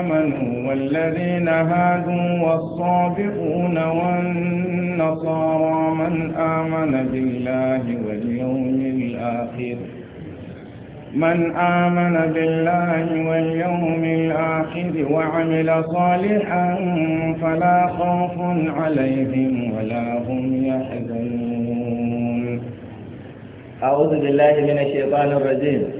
آمنوا والذين هادوا والصابئون والنصارى من آمن بالله واليوم الآخر من آمن بالله واليوم الآخر وعمل صالحا فلا خوف عليهم ولا هم يحزنون أعوذ بالله من الشيطان الرجيم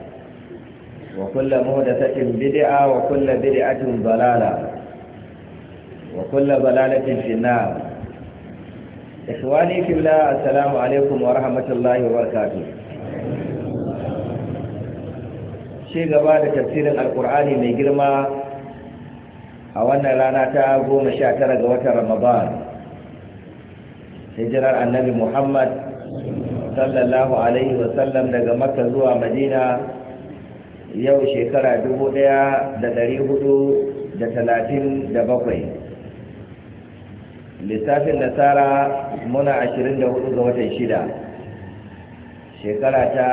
وكل مهدثة بدعة وكل بدعة ضلالة وكل ضلالة في النار إخواني في الله السلام عليكم ورحمة الله وبركاته shi gaba da tafsirin alkur'ani mai girma a wannan rana ta goma sha tara ga watan ramadan hijirar annabi muhammad sallallahu alaihi wasallam daga makka zuwa madina yau shekara dubu ɗaya da ɗari hudu da talatin da bakwai lissafin nasara muna ashirin da hudu ga watan shida shekara ta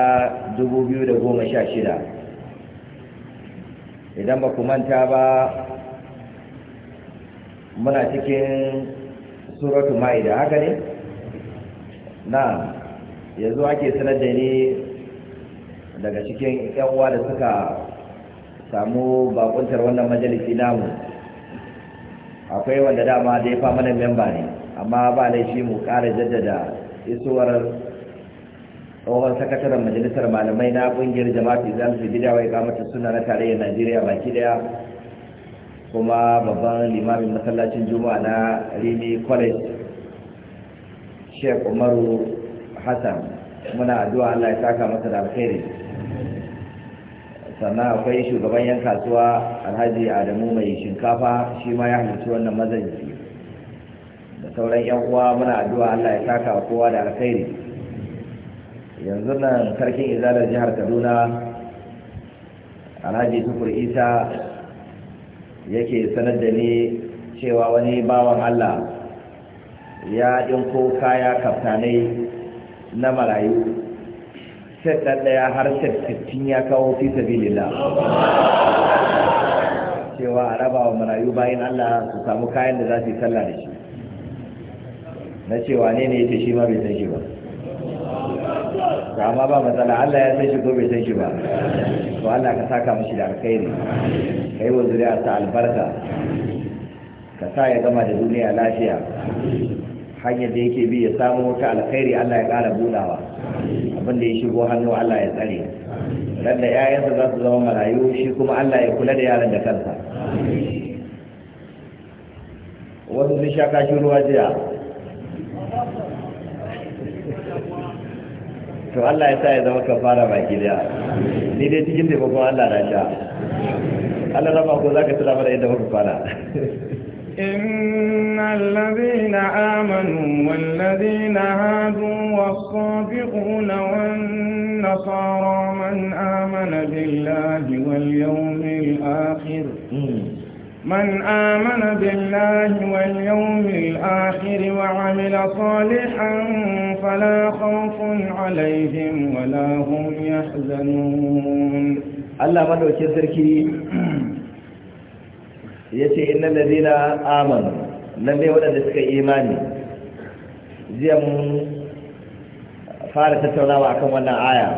dubu biyu da goma sha shida idan ba ku manta ba muna cikin suratu ma'ida haka ne na yanzu ake sanar da ni daga cikin yan uwa da suka samu bakuntar wannan majalisi namu akwai wanda dama da ya fa mana memba ne amma ba laifi mu kara jaddada isuwar tsohon sakataren majalisar malamai na ƙungiyar jama'a izan su gida wa mata suna na tarayyar najeriya baki daya kuma babban limamin masallacin juma'a na rini college sheikh umaru hassan muna addu'a allah ya saka masa da alkhairi sannan akwai shugaban yan kasuwa alhaji adamu mai shinkafa shi ma ya halittu wannan mazaji da sauran yan uwa muna addu'a allah ya saka wa kowa da alkhairi yanzu nan sarkin izalar jihar kaduna alhaji tukur isa yake sanar da ni cewa wani bawan allah ya ɗinko kaya kaftanai na marayu set ɗaya har sittin ya kawo fi sabilillah cewa a raba wa marayu bayan Allah su samu kayan da za su yi sallah da shi na cewa ne ne ce shi ma bai san shi ba amma ba matsala Allah ya san shi ko bai san shi ba to Allah ka saka mishi da alkhairi kai wa zuriya ta albarka ka sa ya gama da duniya lafiya hanyar da yake bi ya samu wata alkhairi Allah ya ƙara budawa abin da ya shigo hannu Allah ya tsare ran da yayansa za su zama marayu shi kuma Allah ya kula da yaran da kansa wasu sun sha kashin ruwa jiya to Allah ya sa ya zama kafara ki da ni dai cikin taimakon Allah na sha Allah ba ko za ka tura mana yadda muka fara إن الذين آمنوا والذين هادوا والصابقون والنصارى من آمن بالله واليوم الآخر من آمن بالله واليوم الآخر وعمل صالحا فلا خوف عليهم ولا هم يحزنون الله مدعو كذلك ya ce inna lalina amanu lalle waɗanda suka imani jiya mun fara tattaunawa kan wannan aya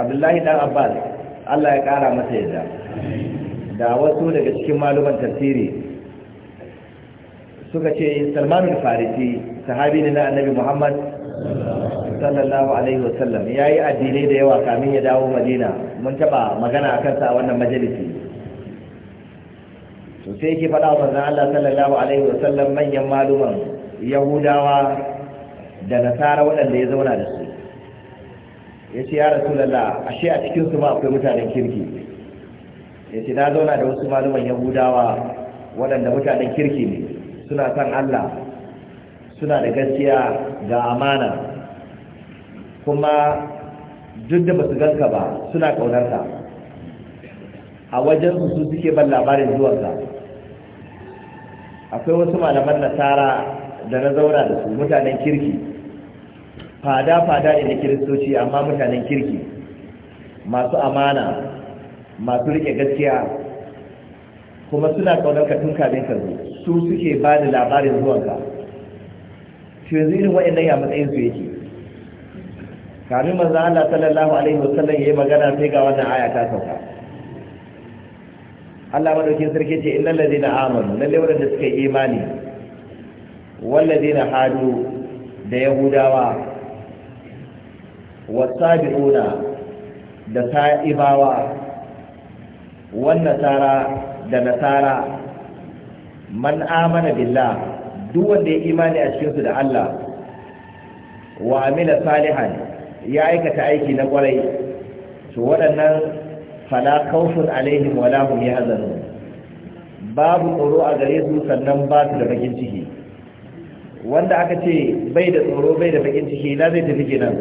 abdullahi dan abbas allah ya ƙara masa yadda da wasu daga cikin maluman tafsiri suka ce salmanul farisi sahabi ne na annabi muhammad sallallahu alaihi wasallam ya yi addinai da yawa kamin ya dawo madina mun taɓa magana a kansa a wannan majalisi to sai yake faɗa wa Allah sallallahu alaihi wasallam manyan maluman yahudawa da nasara waɗanda ya zauna da su ya ce ya rasulallah ashe a cikin su ma akwai mutanen kirki ya ce na zauna da wasu maluman yahudawa waɗanda mutanen kirki ne suna san Allah suna da gaskiya ga amana kuma duk da basu ganka ba suna ka. a wajen su suke ban labarin zuwanka akwai wasu malaman nasara da na zauna da su mutanen kirki fada-fada ne na kiristoci amma mutanen kirki masu amana masu rike gaskiya kuma suna ƙaunarka tun kamin ka zo su suke ba da labarin zuwanka shi yanzu irin waɗannan ya matsayin su yake kamin manzo Allah sallallahu alaihi wasallam yi magana sai ga wannan aya ta sauka Allah madaukin sarki ce innal ladina amanu lalle wanda suka yi imani wal ladina hadu da yahudawa wasabiuna da sa'ibawa wan nasara da nasara man amana billah duk wanda ya imani a cikin su da Allah wa amila salihan ya aikata aiki na kwarai to waɗannan fala khawfun alaihim wala ya yahzanun babu tsoro a gare su sannan ba su da bakin ciki wanda aka ce bai da tsoro bai da bakin ciki na zai tafi kenan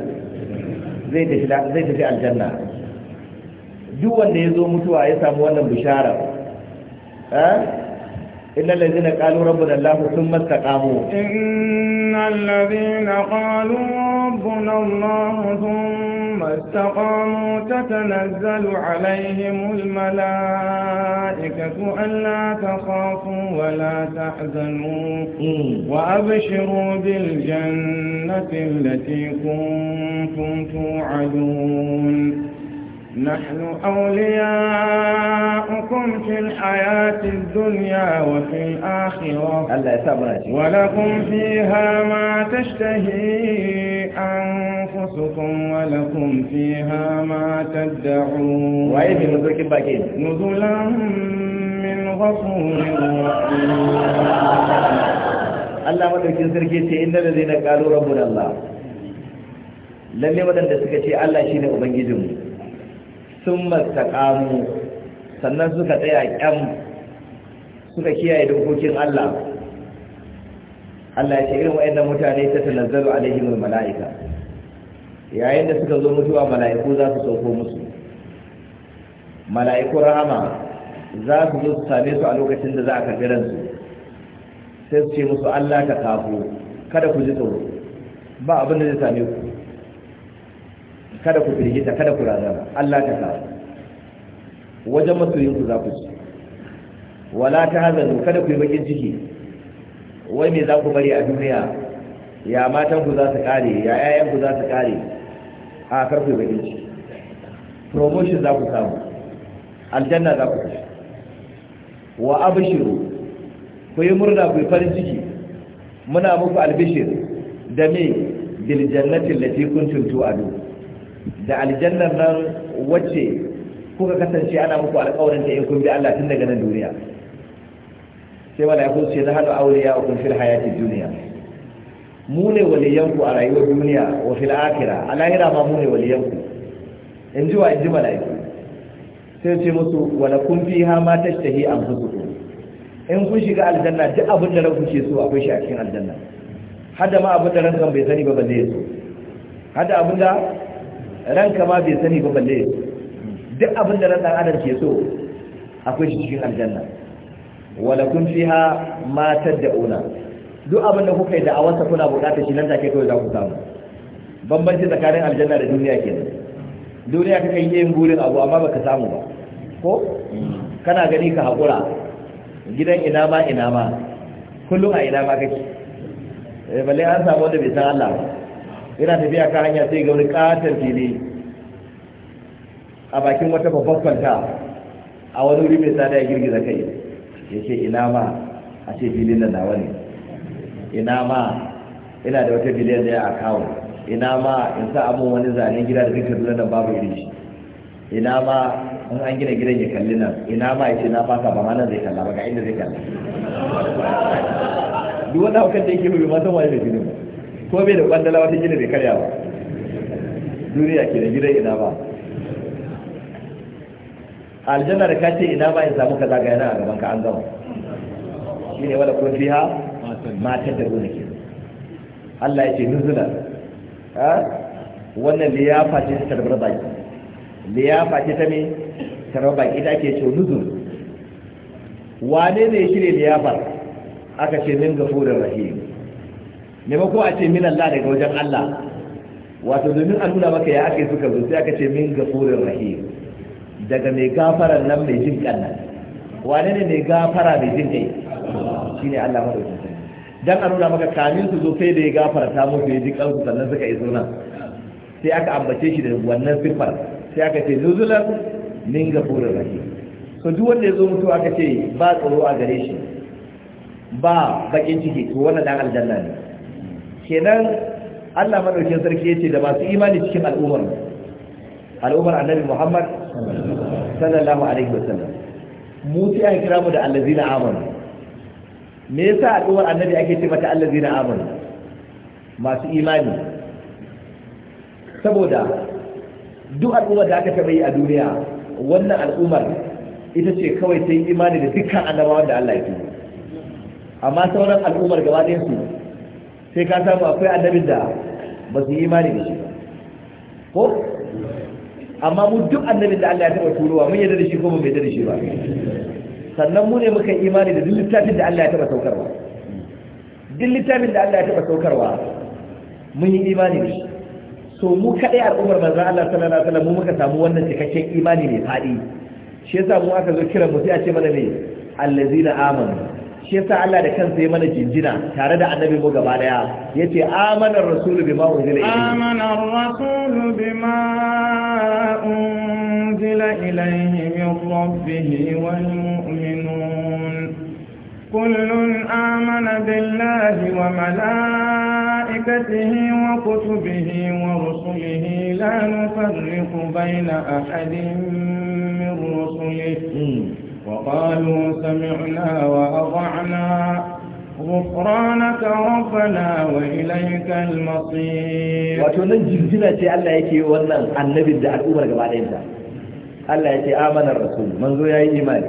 zai tafi zai tafi aljanna duk wanda ya zo mutuwa ya samu wannan bishara eh إلا الذين قالوا ربنا الله ثم استقاموا إن الذين قالوا ربنا الله ثم استقاموا تتنزل عليهم الملائكة ألا تخافوا ولا تحزنوا وأبشروا بالجنة التي كنتم توعدون نحن أولياؤكم في الحياة الدنيا وفي الآخرة ولكم فيها ما تشتهي أنفسكم ولكم فيها ما تدعون نزلا من غفور Allah madaukin sarki ce inda da zai na ƙalu Allah lalle waɗanda suka ce Allah shi ne sun mastakamu sannan suka tsaya kyam suka kiyaye dokokin Allah Allah ya ce irin waɗannan mutane ta tanazzalu alaihim mala'ika yayin da suka zo mutuwa mala'iku za su sauko musu mala'iku rahama za su zo su same su a lokacin da za a karɓi ransu sai su ce musu Allah ka kafo kada ku ji tsoro ba abin da zai same ku kada ku firgita kada ku razana Allah ta kawo wajen masoyin ku za ku ci wala ta hazanu kada ku yi bakin ciki wai me za ku bari a duniya ya matan ku za su kare ya yayan ku za su kare a kar ku yi bakin ciki promotion za ku samu aljanna za ku ci wa abshiru ku yi murna ku yi farin ciki muna muku albishir da me bil jannati lati kuntum tu'adun da aljannar nan wacce kuka kasance ana muku alƙawarin ta in kun bi Allah tun daga nan duniya sai ya kusa da hadu auliya wa kun fil hayati duniya mu ne waliyanku a rayuwar duniya wa fil akhira a lahira ma mu ne waliyanku in ji wa in ji malaiku sai ce musu wala kun fiha ma tashtahi anfusukum in kun shiga aljanna duk abin da ranku ke so akwai shi a cikin aljanna hada ma abin da rankan bai sani ba ba zai so hada abin da ranka ma bai sani ba balle duk abin da ran dan adam ke so akwai shi cikin aljanna wala kun fiha ma tad'una duk abin da kuka yi da awansa kuna bukata shi nan take kai za ku samu bambanci tsakanin aljanna da duniya kenan duniya kaka yi yin burin abu amma baka samu ba ko kana gani ka haƙura gidan ina ma ina ma kullum a ina ma kake eh, balle an samu wanda bai san Allah ba yana tafiya kan hanya sai ga wani katon fili a bakin wata babbar kwanta a wani wuri mai tsada ya girgiza kai ya ce ina ma a ce filin nan nawa ne ina ma ina da wata biliyan da ya kawo. ina ma in sa abin wani zanen gida da duka dole nan babu iri shi ina ma in an gina gidan ya kalli nan ina ma ya ce na fasa ba ma nan zai kalla ba ga inda zai kalla duk wani haukan da yake bai ma wani da filin ba ko bai da kwandala wata gida bai karya ba duniya ke da gidan ina ba aljanna da kace ina ba in samu kaza ga yana a gaban ka an gama shi ne wala kun fiha matan da ruwa ke Allah ya ce nuzula wannan liyafa ce ta tarbar baki liyafa ce ta me tarbar baki ita ke ce nuzul wane ne shi ne liyafar aka ce min gafurin rahim ko a ce min Allah daga wajen Allah wato domin a nuna maka ya ake suka zo sai aka ce min gafurin rahim daga mai gafara nan mai jin kanna wane ne mai gafara mai jin kai shine Allah madaukakin dan a nuna maka kamin su zo sai da ya ta musu ya ji kansu sannan suka yi suna sai aka ambace shi da wannan sifar sai aka ce nuzulan min gafurin rahim so duk wanda ya zo mutuwa aka ce ba tsoro a gare shi ba bakin ciki to wannan dan aljanna ne kenan Allah madaukakin sarki yace da masu imani cikin al'ummar al'ummar annabi Muhammad sallallahu alaihi wasallam mu sai aka kira mu da allazina amanu me yasa al'ummar annabi ake ce mata allazina amanu masu imani saboda duk al'ummar da aka taba yi a duniya wannan al'ummar ita ce kawai ta yi imani da dukkan annabawan da Allah ya turo amma sauran al'ummar gaba ɗayan su sai ka samu akwai annabin da ba su yi imani da shi ba ko amma mu duk annabin da Allah ya taba turowa mun yarda da shi ko mun bai yarda da shi ba sannan mu ne muka imani da duk littafin da Allah ya taba saukarwa duk littafin da Allah ya taba saukarwa mun yi imani da shi so mu kadai al'ummar manzon Allah sallallahu alaihi wasallam mu muka samu wannan cikakken imani mai fadi shi yasa mu aka zo kira mu sai a ce mana ne allazina amanu shi yasa Allah da kansa ya mana jinjina tare da annabi mu gaba daya yace amana rasulu bima unzila ilayhi amanar rasulu bima unzila ilayhi min rabbihi wal mu'minun kullun amana billahi wa malaikatihi wa kutubihi wa rusulihi la nufarriqu bayna ahadin min rusulihi hmm. وقالوا سمعنا وأطعنا غفرانك ربنا وإليك المصير وتنن جلجلة الله يكي ونن النبي ده الأمر قبل عليهم ده الله يكي آمن الرسول من ذو إيمان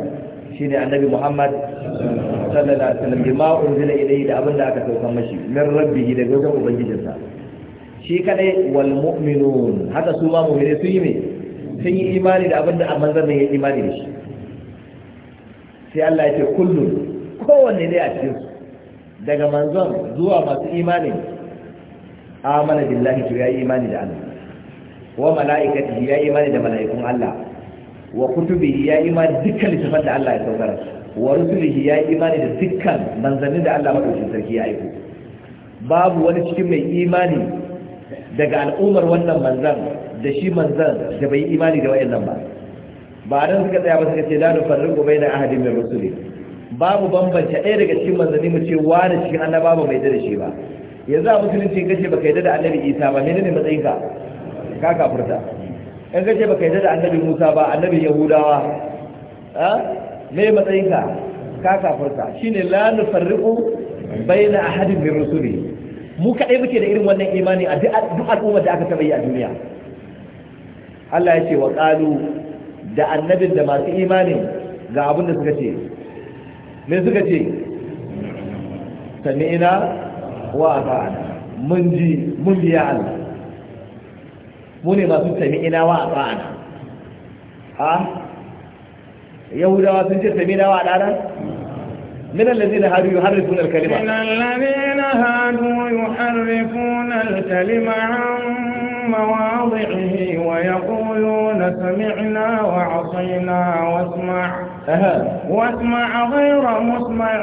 شيني النبي محمد صلى الله عليه وسلم بما أنزل إليه ده أبن ده كتوكم مشي من ربه ده جوزه وبنجي shi kadai wal mu'minun haka su ma mu'mini su yi me sun yi imani da abin da manzon ne ya imani da shi sai Allah ya ce kullum kowanne ne a cikin daga manzon zuwa masu imani amana billahi to yayi imani da Allah wa mala'ikatihi yayi imani da mala'ikun Allah wa kutubihi yayi imani dukkan littafan da Allah ya saukar wa rusulihi yayi imani da dukkan manzannin da Allah madaukakin sarki ya aiko babu wani cikin mai imani daga al'ummar wannan manzan da shi manzan da bai imani da wayannan ba ba nan suka tsaya ba suka ce la bai na ahadin mai rusuli babu bambanta ɗaya daga cikin manzanni mu ce da cikin annaba ba mai da shi ba yanzu a musulunci kace baka yarda da annabi Isa ba menene matsayinka ka kafurta in kace baka yarda da annabi Musa ba annabi Yahudawa a me matsayinka ka kafirta shine la nufarriqu baina ahadin min rusuli mu kadai muke da irin wannan imani a duk al'ummar da aka taba yi a duniya Allah ya ce wa qalu da annabin da masu imani ga abin da suka ce me suka ce sami'ina wa ata'ana mun ji mun biya Allah mu ne masu sami'ina wa ata'ana ha yahudawa sun ce sami'ina wa ata'ana من الذين هادوا يحرفون الكلمة من الذين هادوا يحرفون الكلمة عن مواضعه ويقولون سمعنا وعصينا واسمع واسمع غير مسمع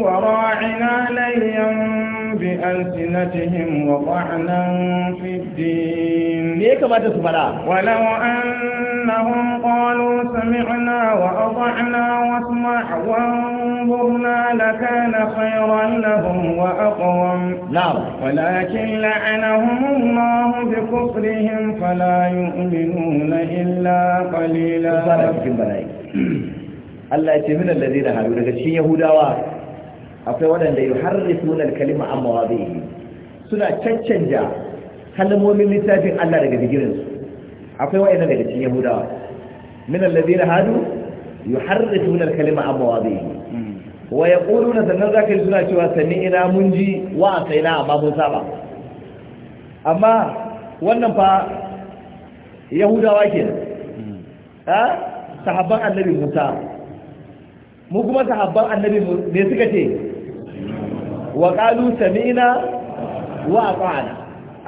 وراعنا ليا بألسنتهم وطعنا في الدين ولو أنهم قالوا سمعنا وأطعنا واسمع وانظرنا لكان خيرا لهم وأقوم نعم ولكن لعنهم الله بكفرهم فلا يؤمنون إلا قليلا Allah ya ce min allazi da haru daga cikin Yahudawa akwai waɗanda yi harrifuna kalima an yi. suna caccanja kalmomin littafin Allah daga digirinsu akwai waɗanda daga cikin yahudawa min na hadu yuharrifuna kalima an yi. wa ya na sannan ka yi suna cewa ina mun ji wa sai na amma mun saba amma wannan fa yahudawa ke sahabban annabi Musa mu kuma sahabban annabi ne suka ce wa qalu sami'na wa ata'na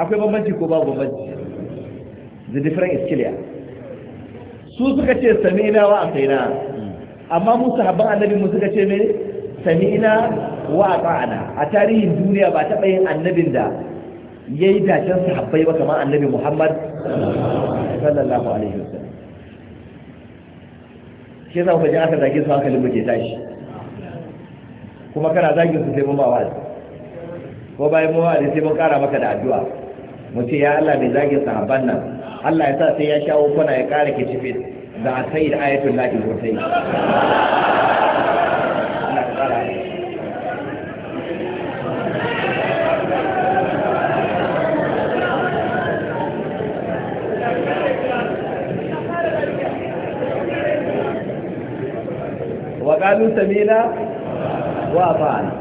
akwai bambanci ko babu bambanci the difference is clear su suka ce sami'na wa ata'na amma musu sahabban annabi mu suka ce me sami'na wa ata'na a tarihin duniya ba taɓa yin annabin da ya yayi dacen sahabbai ba kamar annabi Muhammad sallallahu alaihi wasallam shi yasa ku ji aka zage su hankalin muke tashi kuma kana zagin su sai mun ba ko bayan mun wa'azi sai mun kara maka da addu'a mu ce ya Allah mai zagin sahabban nan Allah ya sa sai ya shawo kuna ya kara ke cife da a da ayatul lahi sosai وقالوا سمينا wa fa'ana,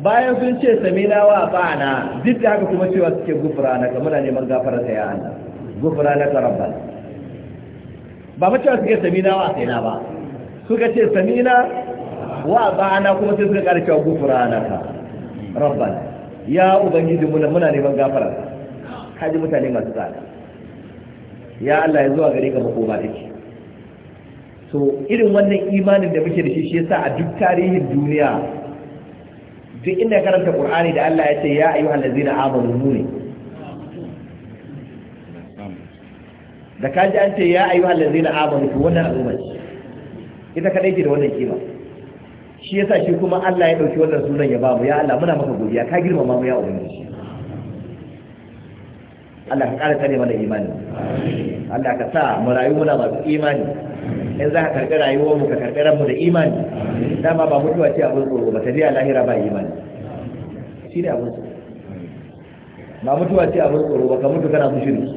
bayan sun ce samina wa fa'ana, duk da haka kuma cewa suke gufura na kamar neman gafara ta yana Allah gufura na ba mu cewa suke samina wa na ba suka ce samina wa fa'ana kuma sai suka ƙara cewa gufura na ka rabbana ya ubangiji mu muna neman gafara kaji mutane masu tsada ya Allah ya zuwa gare ka makoma take so irin wannan imanin da muke da shi shi yasa a duk tarihin duniya duk inda karanta qur'ani da Allah ya ce ya ayyuhal allazina amanu nuni da kaji an ce ya ayyuhal allazina amanu to wannan al'umma ita kadai ke da wannan kima shi yasa shi kuma Allah ya dauki wannan sunan ya ba mu ya Allah muna maka godiya ka girmama mu ya ubangiji Allah ka kara tsare mana imani Allah ka sa mu rayu muna masu imani in za ka karɓi rayuwar mu ka karɓi ranmu da imani dama ba mutuwa ce abin tsoro ba tafiya lahira ba imani shi ne abin tsoro ba mutuwa ce abin tsoro ba ka mutu kana ne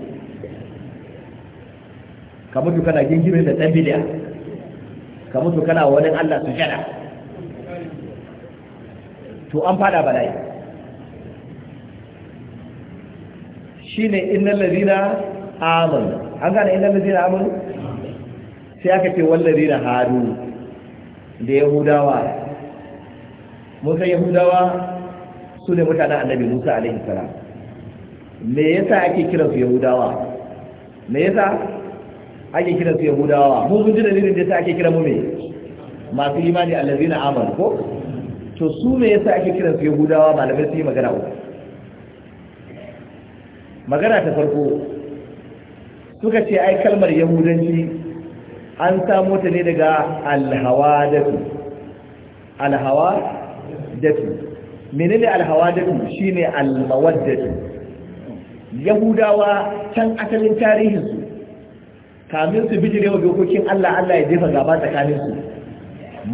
ka mutu kana gingimin da ɗan bidiya ka mutu kana wani Allah su jada to an fada bala'i ne inna lalina amin an gane inna lalina amin sai aka ce wallari na haru da yahudawa musa yahudawa su ne mutanen annabi musa alaihi salam me yasa ake kiransu yahudawa me yasa ake kiransu yahudawa mu mun ji dalilin da yasa ake kiran mu me masu imani allazina amanu ko to su me yasa ake kiransu yahudawa malamai su yi magana uku magana ta farko suka ce ai kalmar yahudanci an samo ta ne daga alhawadatu alhawadatu menene alhawadatu shine almawaddatu yahudawa can asalin tarihinsu kamin su bijire wa dokokin Allah Allah ya jefa gaba tsakanin su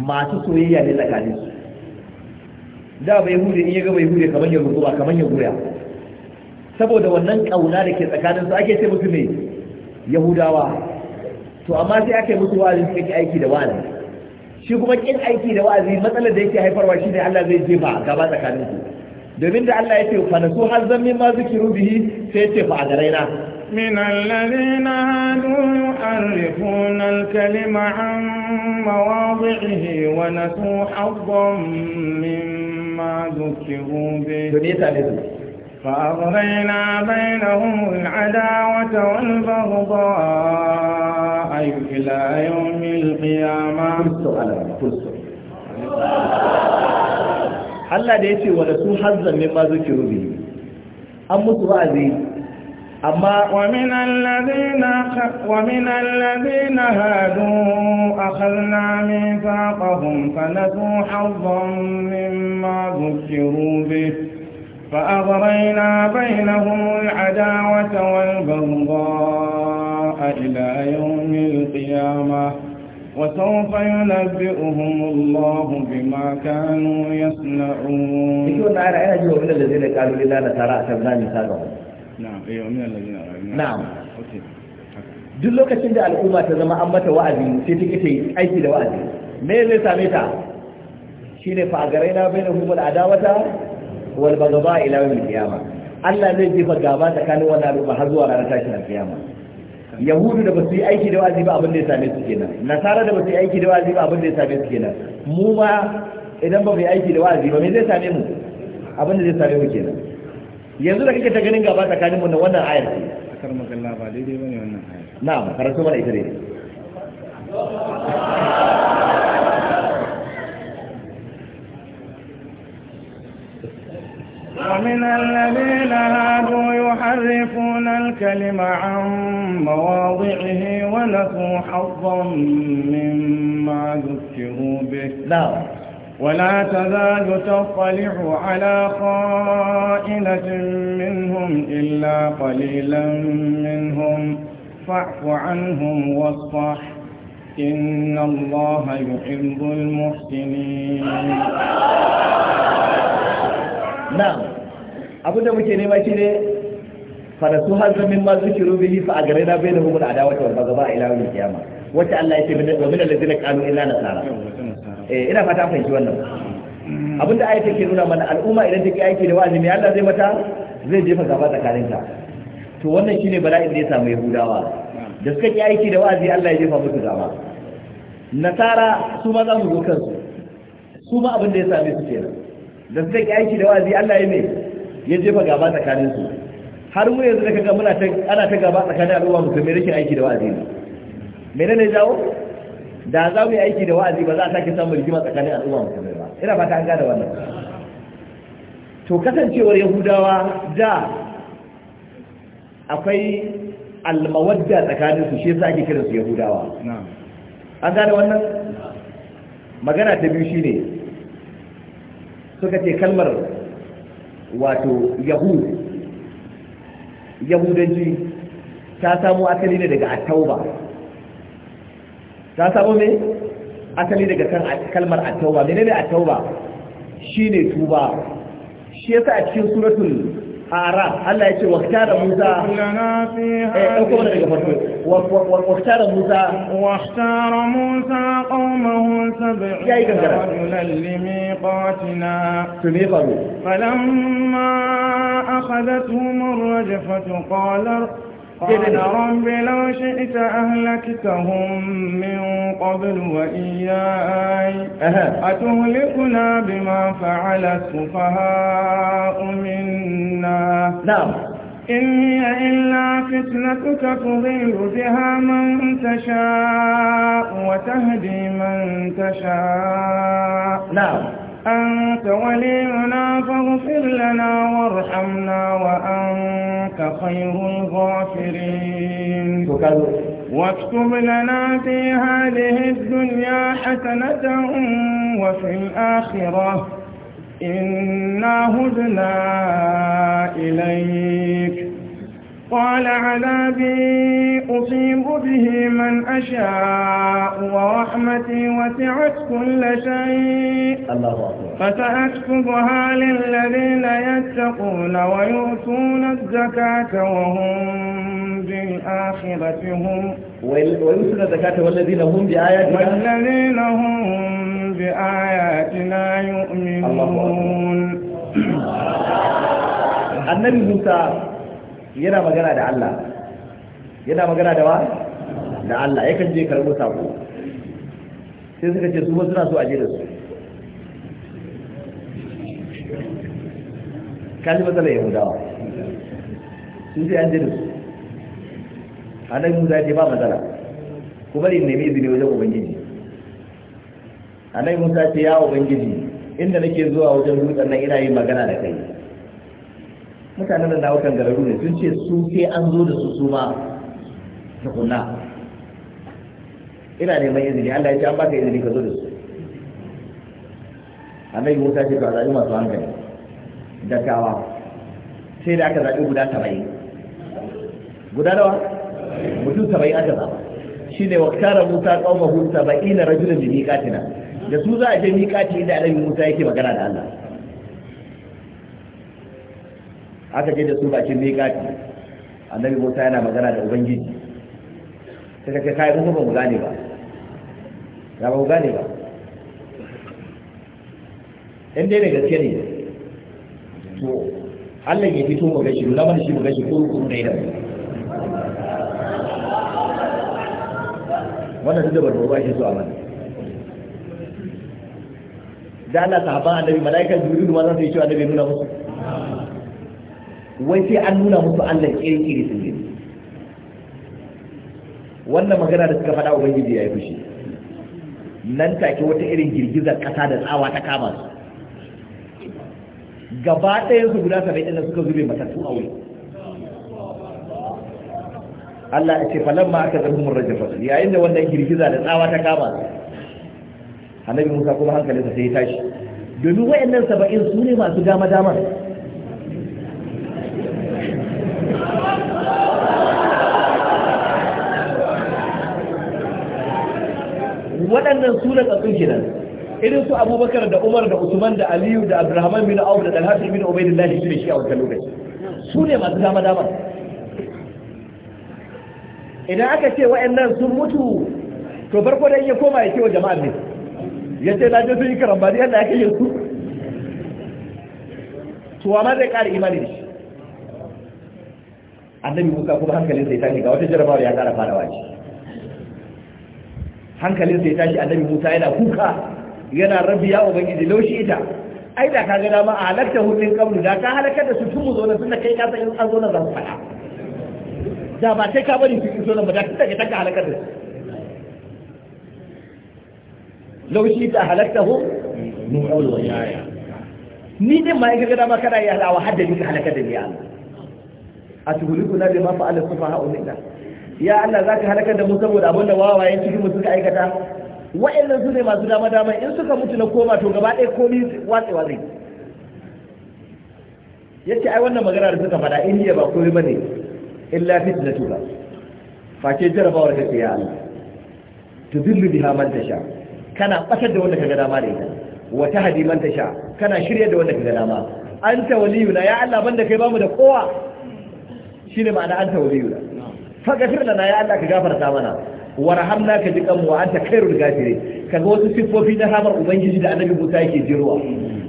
masu soyayya ne tsakanin su da bai hude in ya ga bai hude kamar ya rubuwa kamar ya goya saboda wannan kauna da ke tsakanin su ake ce musu ne yahudawa to amma sai aka yi musu wa'azi suka ki aiki da wa'azi shi kuma kin aiki da wa'azi matsalar da yake haifarwa shine Allah zai jefa gaba tsakanin su domin da Allah ya ce fa nasu har zammin ma zikiru bihi sai ya ce fa a garaina من الذين هادوا يحرفون الكلم عن مواضعه ونسوا حظا مما ذكروا به فأغرينا بينهم العداوة والبغضاء إلى يوم القيامة Allah da ya ce wa da su hazzan ne ma zuke rubi an mutu wa'azi amma wa min alladhina wa min alladhina hadu akhadna mithaqahum fa nasu hazzan mimma zukiru bihi فأغرينا بينهم العداوة والبغضاء إلى يوم القيامة وسوف ينبئهم الله بما كانوا يصنعون يقول أنا أنا من الذين قالوا لله نترى أتبنا مثالهم نعم أيوة من الذين نعم duk lokacin da al'umma ta zama an mata wa'azi sai take ta aiki da wa'azi me zai same ta shine fa garaina bainahum al adawata wal bagaba ila yawmil qiyama Allah zai jefa gaba tsakanin wannan al'umma har zuwa ranar tashin alkiyama yahudu da basu yi aiki da wazi ba abin da ya same su kenan nasara da basu yi aiki da wazi ba abin da ya same su kenan mu ma idan ba mu yi aiki da wazi ba me zai same mu abin da zai same mu kenan yanzu da kake ta ganin gaba tsakanin mu na wannan ayar ce akar magalla ba daidai bane wannan ayar na'am karatu mana ita dai من الذين هادوا يحرفون الكلم عن مواضعه ونسوا حظا مما ذكروا به لا ولا تزال تطلع على خائنة منهم إلا قليلا منهم فاعف عنهم واصفح إن الله يحب المحسنين نعم abin da muke nema shi ne su har zamin ma zukiru bihi fa agrina bainahum al adawati wal baghdha ila yawm al yamma wacce Allah ya ce wa min alladhina qalu inna nasara eh ina fata fahimci wannan da ayat ke nuna mana al'umma idan take aiki da wa'azi mai Allah zai mata zai jefa gaba tsakanin ta to wannan shine bala'in da ya samu yahudawa da suka ke aiki da wa'azi Allah ya jefa musu gaba nasara su ma za mu zo kansu su ma abin da ya same su kenan da suka ke aiki da wa'azi Allah ya mai ya jefa gaba tsakanin su har mu yanzu da kaga muna ta ana ta gaba tsakanin al'umma musulmi rashin aiki da wa'azi ne menene jawo da za mu yi aiki da wa'azi ba za a sake samun rigima tsakanin al'umma musulmi ba ina fata an gane wannan to kasancewar yahudawa da akwai almawadda tsakanin su shi yasa ake kiransu yahudawa an gane wannan magana ta biyu shine suka ce kalmar wato yahud yahudanci ta samo asali ne daga attauba ta samo ne asali daga kan kalmar attauba menene attauba shine tuba shi yasa a cikin suratul واختار موسى إيه، واختار موسى واختار موسى قومه سبعين رجلا لميقاتنا فلما أخذتهم الرجفة قال قال رب لو شئت أهلكتهم من قبل وإياي أتهلكنا بما فعل السفهاء منا نعم إن هي إلا فتنتك تضل بها من تشاء وتهدي من تشاء نعم أنت ولينا فاغفر لنا وارحمنا وأنت وأنت خير الغافرين واكتب لنا في هذه الدنيا حسنة وفي الآخرة إنا هدنا إليك قال عذابي أصيب به من أشاء ورحمتي وسعت كل شيء الله فسأكتبها للذين يتقون ويؤتون الزكاة وهم بالآخرة هم ويؤتون الزكاة والذين هم بآياتنا والذين هم بآياتنا يؤمنون النبي موسى yana magana da Allah yana magana da wa da Allah ya kan je karbo sako sai suka ce su ba suna so a je da su kaji matsalar yahudawa sun ce an je da su nan Musa ya ce ba matsala ku bari nemi izini wajen ubangiji nan Musa ya ce ya ubangiji inda nake zuwa wajen dutsen nan ina yin magana da kai mutanen da nawukan gararu ne sun ce su ke an zo da su su ma tukunna ina neman izini Allah ya ce an baka izini ka zo da su annabi Musa ce ka zaɓi masu hankali dattawa sai da aka zaɓi guda saba'in guda nawa mutum saba'in aka zaɓa shi ne waktara Musa ƙaumahu na rajulun bi miƙatina da su za a je miƙati inda annabi Musa yake magana da Allah aka je da su bakin miƙati annabi musa yana magana da ubangiji suka ce kai mu ba mu gane ba ya ba mu gane ba in dai da gaske ne to Allah ya fito mu gashi lamar shi mu gashi ko kuma ne da wannan duk da ba ruwa shi so mana. da Allah sahaban annabi malaikar jibril ma za su yi cewa annabi nuna musu wai sai an nuna musu Allah kiri-kiri sun yi wannan magana da suka faɗa ubangiji ya yi fushi nan take wata irin girgizar ƙasa da tsawa ta kama su gaba ɗaya su guda sabai ɗin suka zube matattu a wuri Allah ya ce falan ma aka zarfi murar jafa yayin da wannan girgiza da tsawa ta kama su annabi musa kuma hankalinsa sai ya tashi domin wayannan saba'in su ne masu dama damar waɗannan su na kenan irin su abubakar da umar da usman da aliyu da abdurrahman bin auf da dalhatu bin lahi su ne shi a wata lokaci su ne masu dama dama idan aka ce waɗannan sun mutu to farko dai ya koma ya ce wa jama'a ne ya ce na je sun yi karambani yadda ake yin su to amma zai ƙara imani shi annabi musa kuma hankalin sai ta ga wata jarabawa ya ƙara farawa ce hankalin ya tashi annabi Musa yana kuka yana rabi ya ubangiji laushi ita ai da kaga dama a halakta hudin kabru da ka halakar da su tun mu zauna tun da kai ka san in an zauna zan faɗa da ba sai ka bari su in zauna ba da tun daga taka halakar da su laushi ta halakta hu ya yi. ni din ma ga dama kana yi halawa hadda ni ka halakar da ni Allah a tuhuliku na bi ma fa'ala sufaha umminna ya Allah ka halakar da mu saboda abin da wawayen cikin mu suka aikata wa'annan su ne masu dama dama in suka mutu na koma to gaba ɗaya komi watsi zai yace ai wannan magana da suka faɗa in ba komai bane illa fitnatu ba face jarabawar ka ya Allah tudillu biha man tasha kana batar da wanda kaga dama da ita wa tahdi man tasha kana shirye da wanda kaga dama anta waliyuna ya Allah banda kai bamu da kowa shine ma'ana anta waliyuna faghfir lana ya Allah ka gafarta mana warhamna ka ji kanmu anta khairul ghafirin kaga wasu siffofi na hamar ubangiji da annabi Musa yake An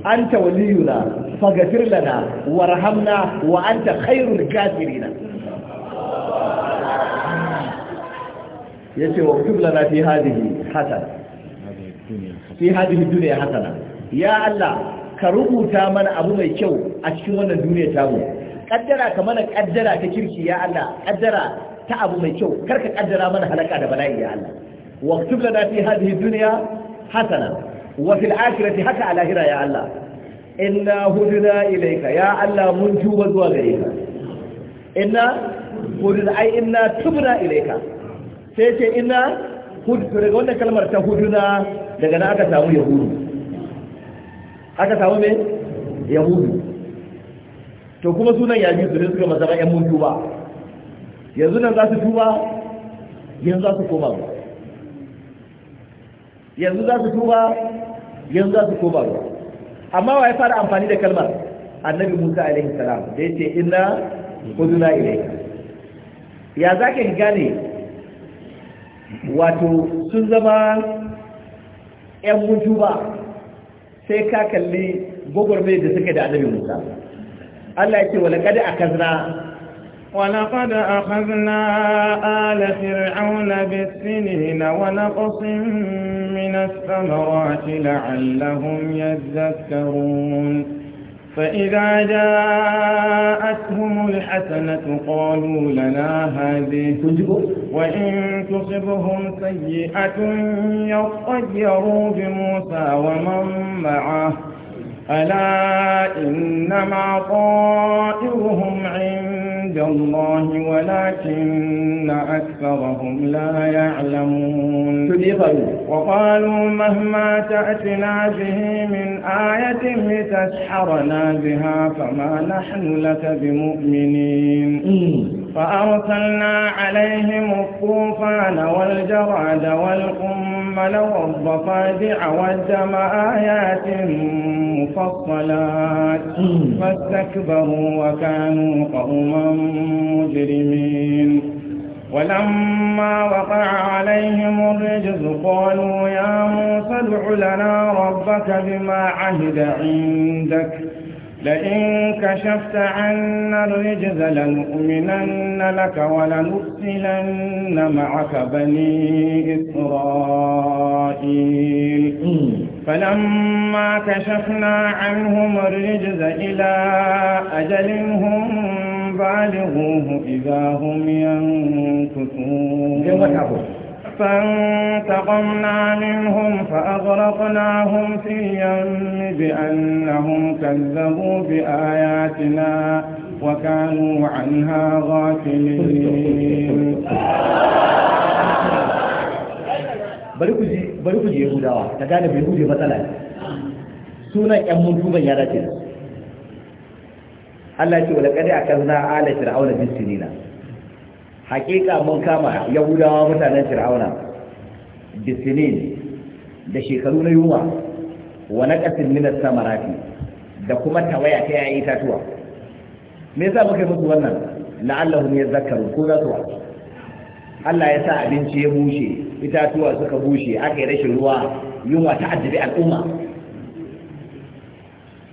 anta waliyuna faghfir lana warhamna wa anta khairul ghafirin yace wa kutub lana fi hadhihi hasana fi hadhihi dunya hasana ya Allah ka rubuta mana abu mai kyau a cikin wannan duniya ta mu. kaddara ka mana kaddara ta kirki ya Allah kaddara ta abu mai kyau kar ka kaddara mana halaka da bala'i ya Allah wa kutub lana fi hadhihi dunya hasana wa fil akhirati haka a lahira ya Allah inna hudina ilayka ya Allah mun tuba zuwa gare ka inna hudna ai inna tubna ilayka sai ce inna hudu daga wannan kalmar ta huduna daga nan aka samu yahudu aka samu me yahudu to kuma sunan yaji su ne suka mazama yan mun tuba yanzu nan za su tuba yanzu za su koma ba yanzu za su tuba yanzu za su koma ba amma wa ya fara amfani da kalmar annabi musa alaihi salam da ya ce inna huduna ilaika ya za ka gane wato sun zama 'yan mutu ba sai ka kalli gwagwarmai da suka da annabi musa Allah ya ce wala kada a kazna ولقد أخذنا آل فرعون بالسنين ونقص من الثمرات لعلهم يذكرون فإذا جاءتهم الحسنة قالوا لنا هذه وإن تصبهم سيئة يطيروا بموسى ومن معه ألا إنما طائرهم عند عند الله ولكن أكثرهم لا يعلمون وقالوا مهما تأتنا به من آية لتسحرنا بها فما نحن لك بمؤمنين فأرسلنا عليهم الطوفان والجراد والقمر والحنظل والضفادع والدم آيات مفصلات فاستكبروا وكانوا قوما مجرمين ولما وقع عليهم الرجز قالوا يا موسى ادع لنا ربك بما عهد عندك لئن كشفت عنا الرجز لنؤمنن لك ولنرسلن معك بني إسرائيل فلما كشفنا عنهم الرجز إلى أجل هم بالغوه إذا هم ينكثون فانتقمنا منهم فأغرقناهم في اليم بأنهم كذبوا بآياتنا وكانوا عنها غافلين bari ku je Yahudawa ta gane bai hude matsala ne sunan ƴan mutuban ya dace Allah ce wala kada akan za ala fir'auna bisinina hakika mun kama yahudawa mutanen fir'auna bisinin da shekaru na yunwa wa naqasin min samarati da kuma tawaya ta yayi tatuwa me yasa muka musu wannan la'allahum yadhakkaru ko za su Allah ya sa abinci ya bushe itatuwa suka bushe aka yi rashin ruwa yunwa ta addabi al'umma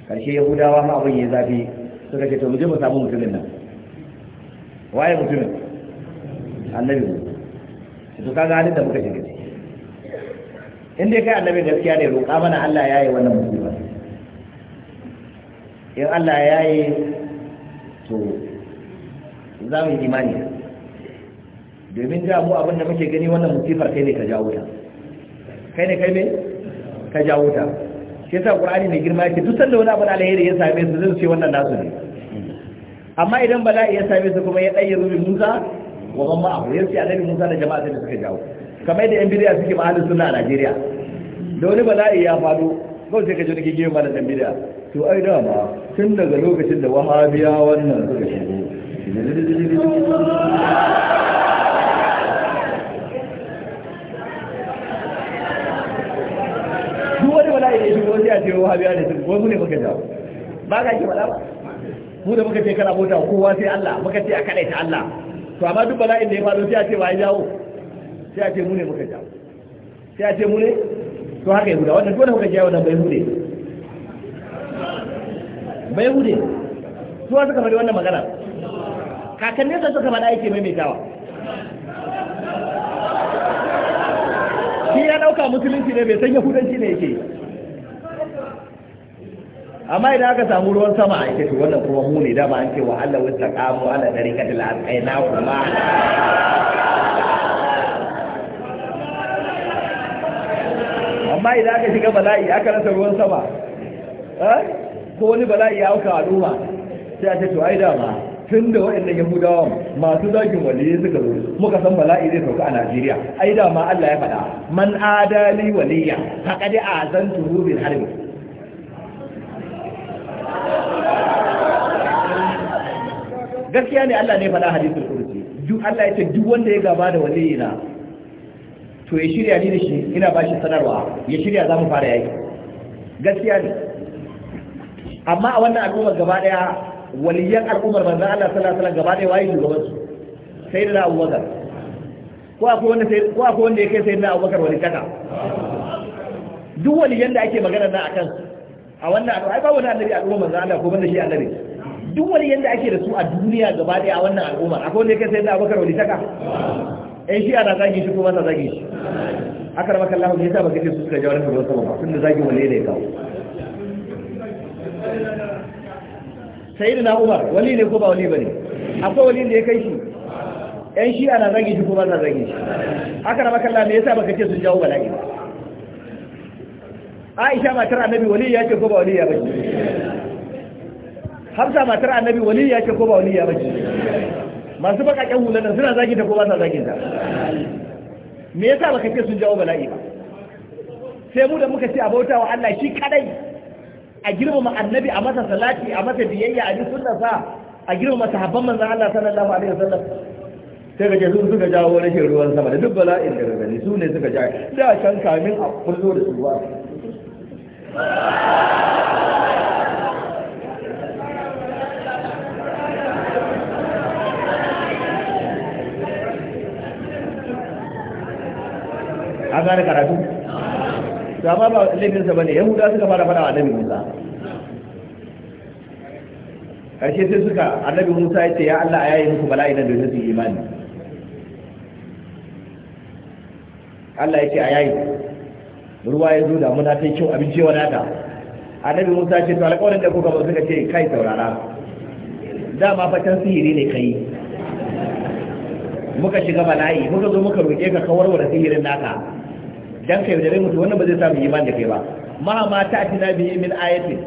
karshe yahudawa ma abin ya zafi suka ce to mu je mu samu mutumin nan waye mutumin annabi ne to kaga halin da muka shiga ciki in dai kai annabi gaskiya ne roƙa mana Allah ya yi wannan musiba in Allah ya yi to za mu yi imani domin da mu abin da muke gani wannan musifar kai ne ka jawo ta kai ne kai ne ka jawo ta shi yasa qur'ani mai girma yake duk sanda wani abin alheri ya same su zai ce wannan nasu ne amma idan bala'i ya same su kuma ya ɗaya rubin musa wa man ma'ahu yace annabi Musa da jama'a da suka jawo kamar yadda yan bidiya suke ma'alin suna a Najeriya da wani bala'i ya faɗo kawai sai ka ji nake gefe ma da dan bidiya to ai dama tun daga lokacin da wahabiya wannan suka shigo duk wani bala'i ya shigo sai a ce wahabiya ne sun wani ne muka jawo ba ka ki faɗa ba mu da muka ce kana bauta kowa sai Allah muka ce a kaɗaita Allah to amma duk bala'in da ya faɗo sai a ce ba ya jawo sai a ce mu ne muka jawo sai a ce mu ne to haka yahuda wannan dole muka jawo wannan bai hude bai hude su suka faɗi wannan magana kakannin sa suka faɗa yake maimaitawa shi ya ɗauka musulunci ne bai san yahudanci ne yake yi amma idan aka samu ruwan sama a to wannan kuma mu ne dama an ce wa Allah wata kamo ala dari ka dala kuma amma idan aka shiga bala'i aka rasa ruwan sama eh, ko wani bala'i ya auka al'umma sai a ce to ai dama tun da waɗannan yahudawa masu zagin waliyi suka zo muka san bala'i zai sauka a najeriya ai dama allah ya faɗa man adali waliya faƙadi a zan turu bin harbi gaskiya ne Allah ne faɗa hadisul kursi duk Allah ya ce duk wanda ya gaba da wani yana to ya shirya ni da shi ina ba shi sanarwa ya shirya za mu fara yaki gaskiya ne amma a wannan al'ummar gaba daya waliyan al'ummar manzon Allah sallallahu alaihi wasallam gaba daya wayi shugaban su Abu Bakar ko akwai wanda sai ko akwai wanda yake Bakar wani kaka duk waliyan da ake magana na akan a wannan ai ba wani annabi al'ummar manzon Allah ko banda shi annabi duk wani yadda ake da su a duniya gaba daya a wannan al'ummar akwai wanda yake sai da abokan wani saka ɗan shi ana zagi shi kuma ta zagi shi Aka raba Allah ne yasa ba kake su suka jawar da wasu ba tun da zagi wani ne kawo da Na'umar wani ne ko ba ba bane akwai wani da ya kai shi ɗan shi ana zagi shi kuma ta zagi shi Aka raba Allah ne yasa ba kake su jawo bala'i Aisha matar Annabi wani ya ce ko ba wani ya bace hamsa matar annabi waliya ce ko ba waliya ba ce masu bakakken da suna zagin ta ko ba sa zagin ta me yasa baka ce sun jawo bala'i ba sai mu da muka ce a bauta wa Allah shi kadai a girmama annabi a masa salati a masa biyayya a sunna sa a girmama sahabban manzon Allah sallallahu alaihi wasallam sai ga jesu suka jawo rashin ruwan sama da duk bala'in da gani su ne suka jawo da can kamin a kullo da su ba a gane karatu ta ma ba laifinsa ba ne yahuda suka fara fara annabi musa ƙarshe sai suka annabi musa ya ce ya allah a yayi muku bala'i nan domin su imani allah ya ce a yayi ruwa ya zo muna ta yi kyau abinci ya wadata annabi musa ce to alƙawarin da kuka ba suka ce kai saurara dama fatan sihiri ne kai muka shiga bala'i muka zo muka roƙe ka kawar wa sihirin naka dan ka yaudare mutu wannan ba zai samu imani da kai ba Maha ma ta atina bihi min ayatin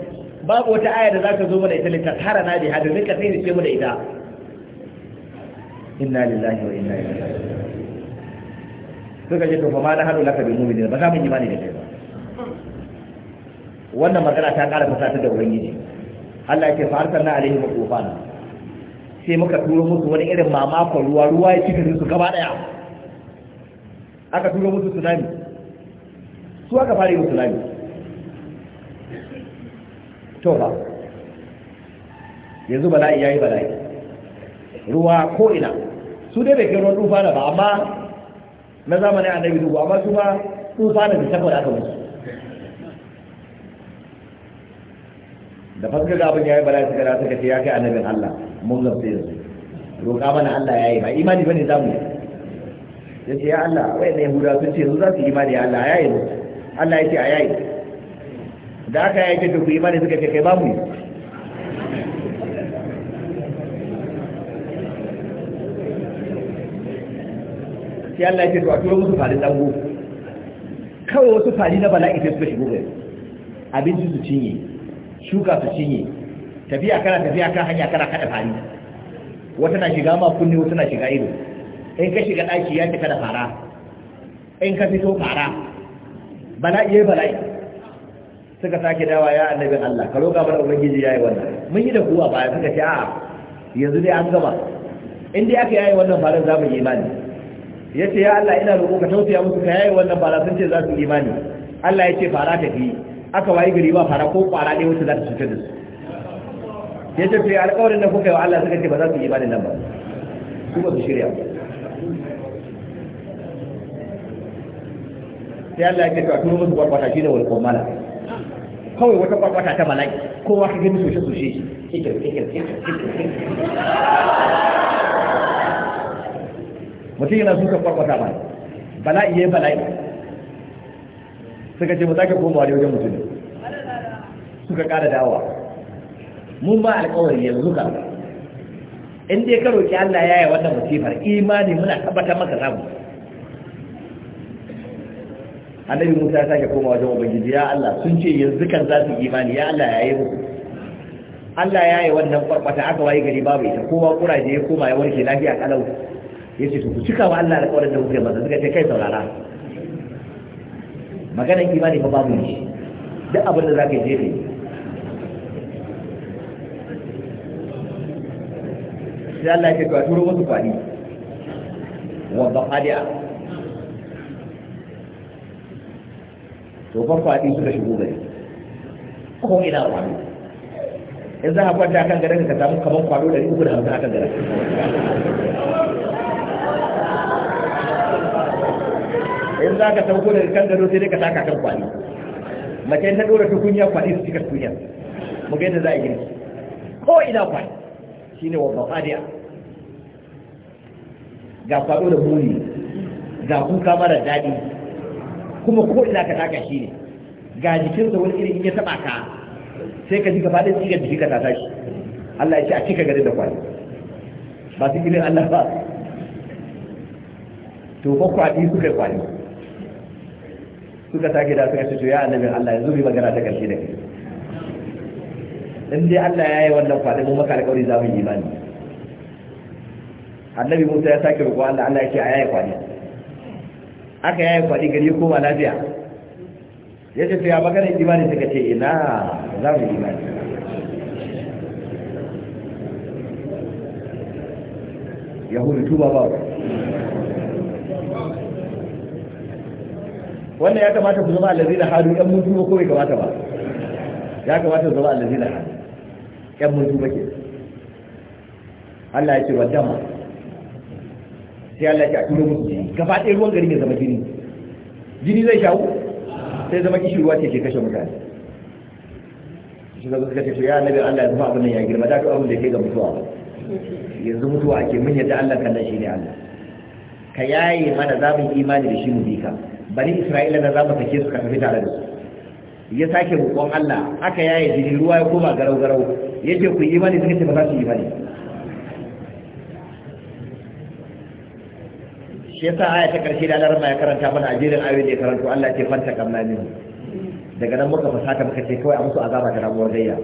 babu wata aya da zaka zo mana ita lita tara na biha domin ka sai ce mu da ita inna lillahi wa inna ilaihi raji'un suka ce to fa ma nahadu laka bi mu'minin ba za mu imani da kai ba wannan magana ta ƙara fasata da ubangiji Allah yake fa arsalna wa tufana sai muka turo musu wani irin mamakon ruwa ruwa ya cika su gaba daya aka turo musu tsunami su aka fara yi musulami to ba yanzu bala'i ya yi bala'i ruwa ko ina su dai bai kai ruwan tufa da ba amma na zamanin annabi dubu amma su ba tufa da bisafa da aka musu da fasika ga abin ya yi bala'i suka da suka ce ya kai annabin Allah mun gamsa yanzu roƙa mana Allah ya yi ba imani bane zamu ya ce ya Allah wai na Yahuda sun ce yanzu za su imani ya Allah ya yi musu Allah ya ce a yayi da aka yayi ta ku imani suka ce kai babu yi sai Allah ya ce to a turo musu farin dango kawai wasu fari na bala'i sai suka shigo gari abinci su cinye shuka su cinye tafiya kana tafiya kan hanya kana kada fari wata na shiga ma kunni wata na shiga ido in ka shiga ɗaki ya cika da fara in ka fito fara bala'i yi bala'i suka sake dawa ya annabin Allah ka roƙa mana ubangiji yi wannan mun yi da kuwa ba suka ce a yanzu dai an gama in dai aka yayi wannan faran za mu yi imani ya ce ya Allah ina roƙo ka tausaya musu ka yayi wannan fara sun ce za su imani Allah ya ce fara ta fi aka wayi gari ba fara ko fara ne wacce za ta cutar da su ce to alƙawarin da kuka yi wa Allah suka ce ba za su yi imani nan ba kuma su shirya ba sai Allah ya ce a turo musu kwakwata shi da mala kawai wata kwakwata ta bala'i kowa ka gani soshe soshe shi kikir kikir mutum yana suka kwakwata ba bala'i ya bala'i suka ce mutaka ko komawa da wajen mutum suka kara dawa mun ba alƙawari yanzu ka in dai ka roƙi Allah ya yi wannan musifar imani muna tabbatar maka zamu annabi musa ya sake koma wajen ubangiji ya allah sun ce yanzu kan za su imani ya allah ya yi muku allah ya yi wannan kwarkwata aka waye gari babu ita kowa kuraje ya koma ya warke lafiya kalau ya ce ku cika wa allah alƙawarin da muke yi masa suka ce kai saurara maganar imani fa babu ne duk abin da za ka yi jefe sai allah ya ce ka turo musu kwani wa baƙadiya to ban faɗi suka shigo gari ko ina kwano in za a kwanta kan garin ka samu kaman kwano da uku da hamsin akan garin in za ka sauko da kan gado sai dai ka taka kan kwani mace ta dora tukunya kwani su cika tukunya mu ga yadda za a yi ko ina kwani shine wa qadiya ga kwado da muni ga kuka mara daɗi kuma ko ina ka taka shi ne ga da wani irin ya taba ka sai ka ji gaba da tsigar jiki ka tata shi Allah ya ce a cika garin da kwari ba su ilin Allah ba to ba kwadi suka yi kwari suka take da suka ce to ya annabi Allah yanzu bi magana ta karshe da kai in dai Allah ya yi wannan kwadi mun maka alƙawari za mu yi imani annabi Musa ya sake roƙo Allah Allah ya ce a yayi kwadi aka yaya kwaɗi gari ko ba lafiya ya ce ya maganar imani suka ce ina za mu imani yahudu tuba ba wannan ya kamata ku zama allazi da hadu yan mun tuba kowai kamata ba ya kamata ku zama allazi da hadu yan mun tuba ke Allah ya ce wa dama sai Allah ya turo musu gaba ɗaya ruwan gari ya zama jini jini zai shawo sai zama kishi ruwa ce ke kashe mutane shi zaka kace to ya annabi Allah ya zama abin nan ya girma da abin da kai ga mutuwa yanzu mutuwa ake mun yadda Allah kallon shi ne Allah ka yaye mana zaman imani da shi mu bi ka bani Isra'ila na zama sake su ka tafi tare da su ya sake roƙon Allah aka yaye jini ruwa ya koma garau garau yace ku imani suka ce ba za su ne. shi yasa aya ta karshe da alarma ya karanta mana a jerin ayoyin da ya karanto Allah ce fanta kamna min daga nan muka fasata muka ce kawai a musu azaba da rabuwar gayya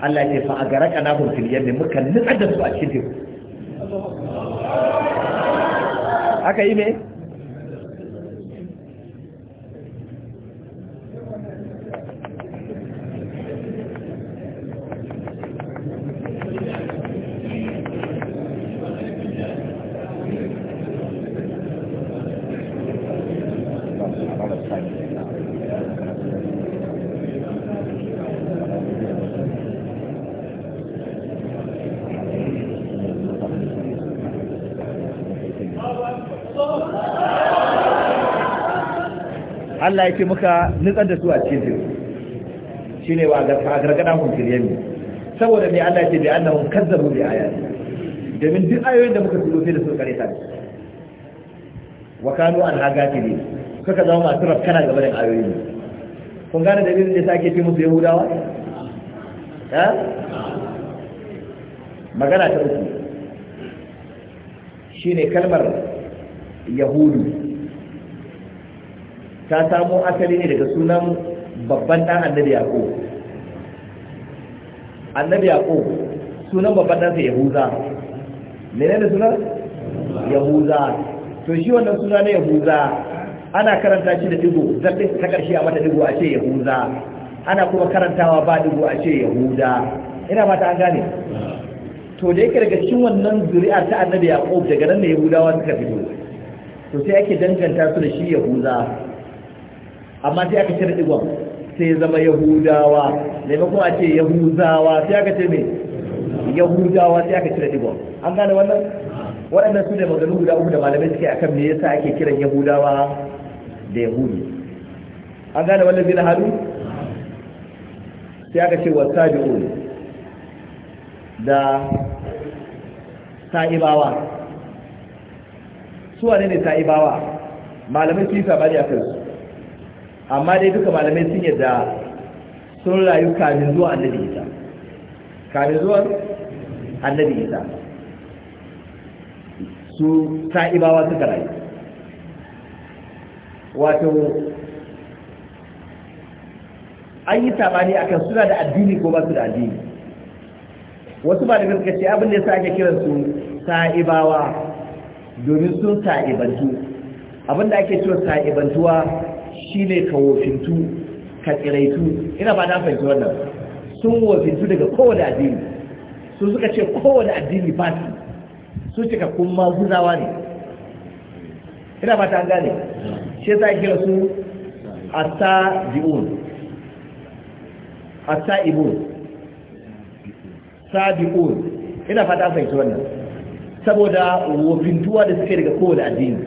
Allah ce fa agaraka na hum fil yammi muka nutsar da su a cikin teku aka yi me Allah ya ce muka nutsar da su a cikin teku shine wa a gargada hun kiryami saboda mai Allah ya ce bai annahum kazzabu bi ayati domin duk ayoyin da muka tulo sai da su kare ta wa kanu an hagati ne suka zama masu rafkana gaba da ayoyin kun gane da dalilin da sake ce musu yahudawa ha magana ta uku shine kalmar yahudu ta samo asali ne daga sunan babban ɗan annabi yaƙo annabi yaƙo sunan babban ɗansa yahuza mene da sunan yahuza to shi wannan suna na yahuza ana karanta shi da digo zaɓe ta ƙarshe a mata digo a ce yahuza ana kuma karantawa ba digo a ce yahuda ina mata an gane to da yake daga cikin wannan zuri'a ta annabi yaqub daga nan ne yahudawa suka fito to sai ake danganta su da shi yahuza amma sai aka cire digon sai zama yahudawa maimakon a ce yahudawa sai aka ce me yahudawa sai aka cire digon an gane wannan waɗannan su ne maganin guda uku da malamai suke akan me yasa ake kiran yahudawa da yahudi an gane wannan bin halu sai aka ce wasabi'un da sa'ibawa su wane ne sa'ibawa malamai su yi sabani a kansu amma dai duka malamai sun yadda sun rayu kamin zuwa annabi isa kamin zuwa annabi isa su ta'ibawa suka rayu wato an yi sabani akan suna da addini ko ba su da addini wasu ba da gaskace abin da sa ake kiran su ta'ibawa domin sun ta'ibantu abin da ake cewa ta'ibantuwa shine ka wofintu ka tsiraitu ina ba na fahimci wannan sun wofintu daga kowane addini su suka ce kowane addini ba su su cika kuma guzawa ne ina ba ta gane shi ta kira su hatta di'un hatta ibun di'un ina fata fahimci wannan saboda wofintuwa da suke daga kowane addini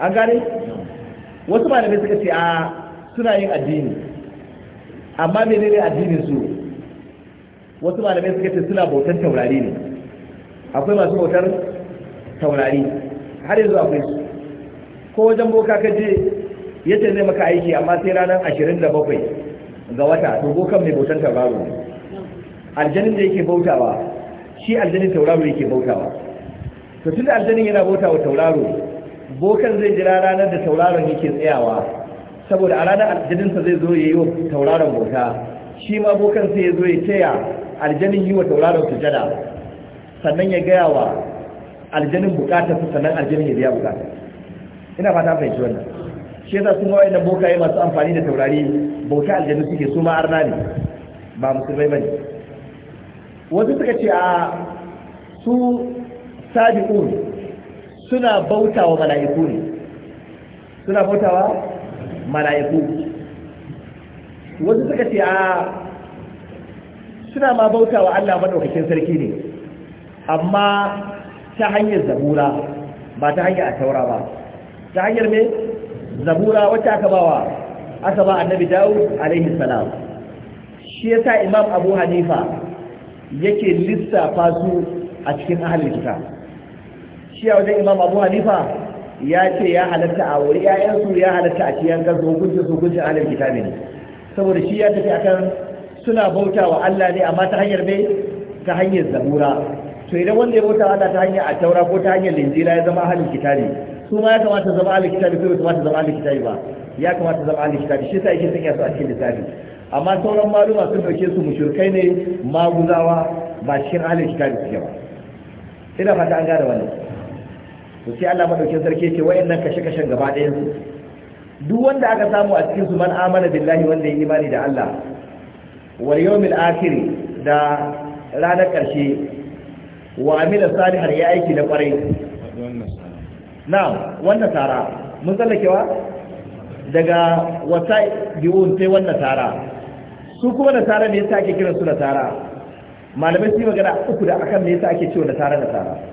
an gane wasu malamai suka ce a suna yin addini amma menene addinin su wasu malamai suka ce suna bautar taurari ne akwai masu bautar taurari har yanzu akwai su ko wajen boka ka je ya ce zai maka aiki amma sai ranar ashirin da bakwai ga wata to bokan mai bautar tauraro ne aljanin da yake bautawa shi aljanin tauraro yake bautawa to tun da aljanin yana bautawa tauraro bokan zai jira ranar da tauraron yake tsayawa saboda a ranar aljaninsa zai zo ya yi wa tauraron bauta shi ma bokan sai ya zo ya taya aljanin yi wa tauraron sujada sannan ya gaya wa aljanin bukatar su sannan aljanin ya biya bukatar ina fata fahimci wannan shi yasa sun wa'in nan bokaye masu amfani da taurari bauta aljanu suke su ma arna ne ba musulmai ne. wasu suka ce a su sabi'un suna bautawa mala'iku ne suna wa mala'iku wasu suka ce a suna ma bautawa Allah maɗaukakin sarki ne amma ta hanyar zabura ba ta hanyar a taura ba ta hanyar me zabura wacce aka bawa aka ba annabi Dawud alaihi salam shi ya sa Imam Abu Hanifa yake lissafa su a cikin ahlul likita. shiya wajen imam abu hanifa ya ce ya halatta a wuri 'ya'yansu ya halatta a ciyan kansu hukuncin hukuncin alif kitabi ne saboda shi ya tafi akan suna bauta wa Allah ne amma ta hanyar me ta hanyar zabura to idan wanda ya bauta Allah ta hanyar a taura ko ta hanyar linjila ya zama halin kitabi su ma ya kamata zama halin kitabi ko ya kamata zama halin kitabi ba ya kamata zama halin kitabi shi sai yake sanya su a cikin littafi amma sauran maluma sun dauke su mushurkai ne maguzawa ba cikin halin kitabi suke ba ina fata an gane wannan to sai Allah madaukin sarki ce wayannan kashe-kashen gaba ɗaya su duk wanda aka samu a cikin su man amana billahi wanda yake imani da Allah wal yawmil akhir da ranar ƙarshe wa amila salihan ya aiki da kwarai na wannan tara mun tsallakewa daga wata biyun sai wannan tara su kuma da tara ne yasa ake kiran su da tara malamai su yi magana uku da akan ne yasa ake cewa da tara da tara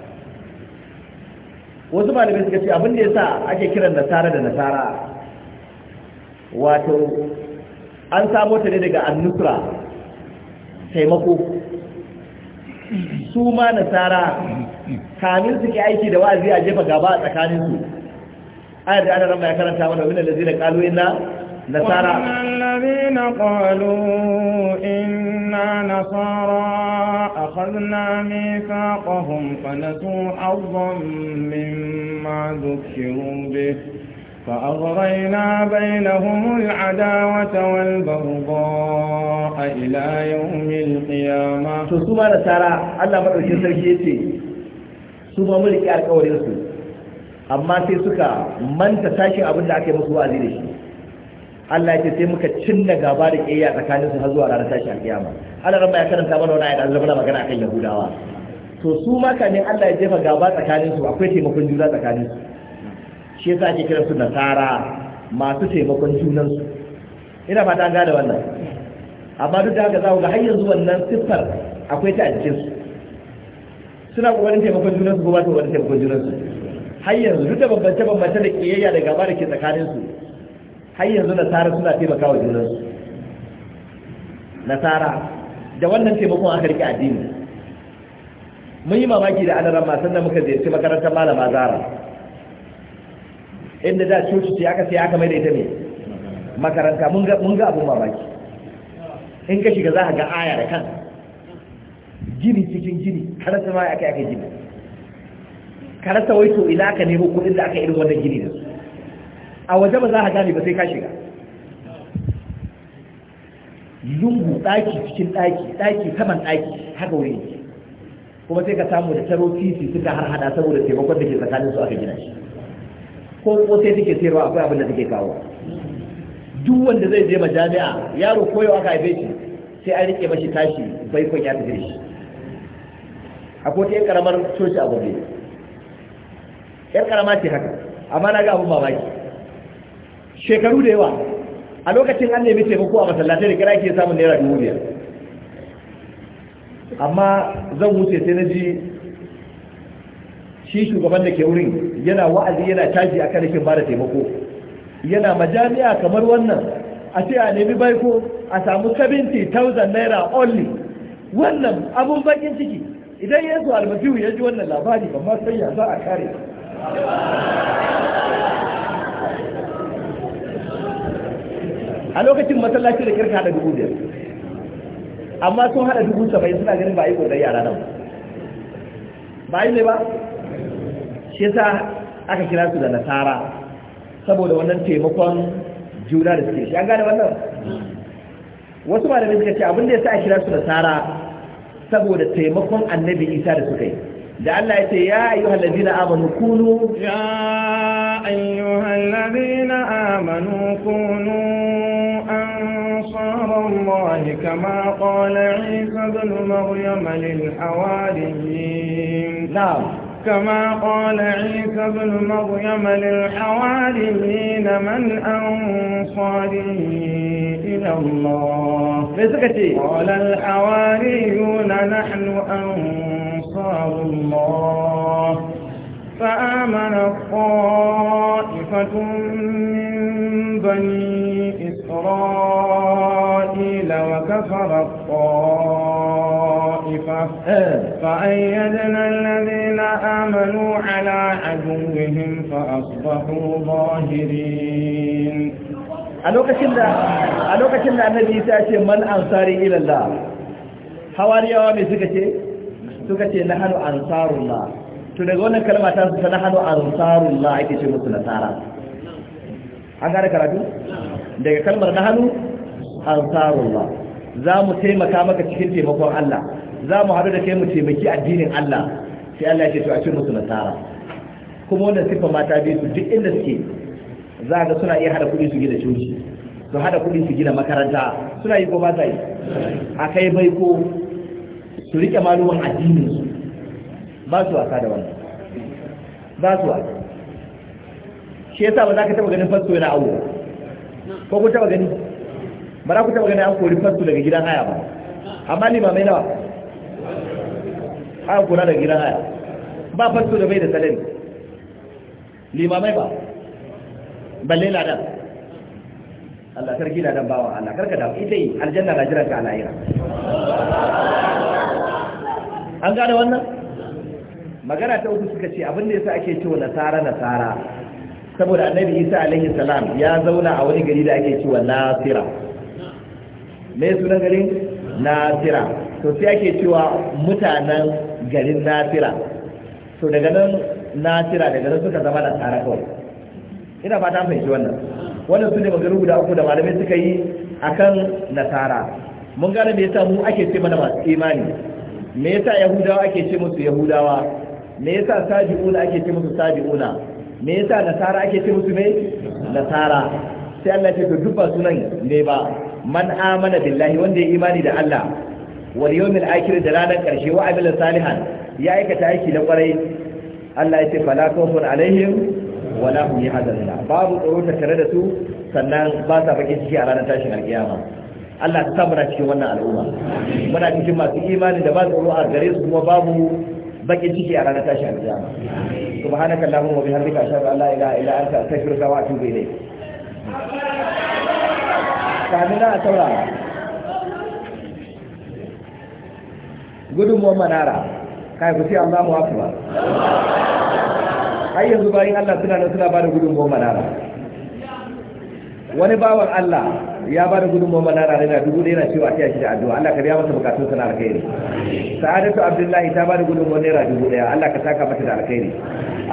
wasu malamai suka ce abin da ya sa ake kiran nasara da nasara wato an samo ta ne daga annusra taimako su ma nasara kamin suke aiki da wa'azi a jefa gaba a tsakaninsu ayar da ana rama ya karanta mana wani lalzina kalu ina نصارى الذين قالوا إنا نصارى أخذنا ميثاقهم فنسوا حظا مما ذكروا به فأغرينا بينهم العداوة والبغضاء إلى يوم القيامة سوما نصارى الله مدعو كسر كيتي سوما ملك الكوريسو amma sai suka manta tashin abin da aka yi musu wa'azi da shi Allah ya ce sai muka cinna gaba da ƙiyayya tsakanin su har zuwa ranar tashi alƙiyama Allah ran ya karanta mana wannan ayat Allah magana akan Yahudawa to su ma kamin Allah ya jefa gaba tsakanin su akwai taimakon juna tsakanin su shi yasa ake kiran su nasara masu taimakon junan su ina fata an gane wannan amma duk da haka za ku ga har yanzu wannan siffar akwai ta a cikin su suna kokarin taimakon junan su ko ba su kokarin taimakon junan su har yanzu duk da bambance bambance da kiyayya da gaba da ke tsakanin su har yanzu nasara suna taimaka wa junansu nasara da wannan taimakon aka rike addini mun yi mamaki da anaran masu da muka ziyarci makarantar malama zara inda da coci ce aka sai aka mai da ita ne makaranta mun ga abin mamaki in ka shiga za a ga aya da kan gini cikin gini karasa ma aka aka gini karasa wai to ila ka nemo kudin da aka irin wannan gini da su a waje ba za a gane ba sai ka shiga lungu daki cikin daki, daki saman daki, haka wuri kuma sai ka samu da taro titi suka har hada saboda taimakon da ke tsakanin su aka gina shi ko ko sai take sayarwa akwai abin da take kawo duk wanda zai je majami'a yaro koyo aka haife shi sai a rike mashi tashi bai kon ya tafi shi akwai ta yan karamar coci a gobe yan karama ce haka amma na ga abin mamaki shekaru da yawa a lokacin an nemi taimako a masallatai da kira ke samun naira dubu biyar amma zan wuce sai na ji shi shugaban da ke wurin yana wa'azi yana caji a kan rikin bada taimako yana majami'a kamar wannan a ce a nemi baiko a samu 70,000 naira only wannan abun bakin ciki idan ya zo almasihu ya ji wannan labari ba ma sai ya za a kare a lokacin masallaci da kirka da dubu biyar amma sun hada dubu saba'in suna ganin ba a yi kodai yara nan ba yi ne ba shi yasa aka kira su da nasara saboda wannan taimakon juna da suke shi an gane wannan wasu da suka ce abin da ya sa a kira su nasara saboda taimakon annabi isa da suka yi da Allah ya ce ya ayyuha allazina amanu kunu ya ayyuha allazina amanu kunu الله كما قال عيسى بن مريم للحواريين نعم كما قال عيسى بن مريم للحواريين من أنصاري إلى الله قال الحواريون نحن أنصار الله فآمن الطائفة من بني إسرائيل وكفر الطائفة فأيدنا الذين آمنوا على عدوهم فأصبحوا ظاهرين a lokacin da a lokacin da annabi ta ce man ansari ila Allah hawariyawa mai suka ce suka ce na nahnu ansarullah to daga wannan kalma ta su ta nahnu ansarullah ake ce musu nasara an gane karatu daga kalmar na hannu. ansarullah za mu taimaka maka cikin taimakon Allah za mu haɗu da kai mu taimaki addinin Allah sai Allah ya ce to a ce musu nasara kuma wannan sifa mata bi su duk inda suke za ga suna iya hada kuɗi su gina coci su hada kuɗi su gina makaranta suna yi ko ba sa yi a kai bai ko su rike maluman addinin su ba su wasa da wannan ba su wasa shi yasa ba za ka taɓa ganin fasto yana awo ko ku taɓa gani ba za ku taɓa gani an kori fasto daga gidan haya ba amma limamai nawa an kora daga gidan haya ba fasto da bai da salari limamai ba balle ladan Allah sarki ladan bawa Allah karka da ita yi aljanna na jiran ka a lahira an gane wannan magana ta uku suka ce abin da yasa ake cewa nasara nasara saboda annabi isa alaihi salam ya zauna a wani gari da ake cewa nasira mai sunan garin nasira to sai ake cewa mutanen garin nasira to daga nan nasira daga nan suka zama da tsara kawai ina fata fahimci wannan wannan su ne magaru guda uku da malamai suka yi akan nasara mun gane me yasa mu ake ce mana masu imani me yasa yahudawa ake ce musu yahudawa me yasa sabi'una ake ce musu sabi'una me yasa nasara ake ce musu me nasara sai Allah ya ce to duk ba sunan ne ba man amana billahi wanda ya imani da Allah wal yawmil akhir da ranar karshe wa amila salihan ya aikata aiki na kwarai Allah ya ce fala khawfun alaihim wala hum yahzanuna babu tsoro ta tare da su sannan ba sa bakin ciki a ranar tashin alkiyama Allah ta muna cikin wannan al'umma muna cikin masu imani da ba tsoro a gare su kuma babu bakin ciki a ranar tashin alkiyama subhanakallahumma wa bihamdika ashhadu an la ilaha illa anta astaghfiruka wa atubu ilayk kamin na saurara gudunmuwan manara kai ku ce Allah mu akbar har yanzu bayin Allah suna da suna bada da gudunmuwan manara wani bawan Allah ya bada da gudunmuwan manara da dubu da yana cewa ta shi da addu'a Allah ka biya masa bukatun na alkhairi sa'adatu abdullahi ta bada da gudunmuwan naira dubu daya. Allah ka saka mata da alkhairi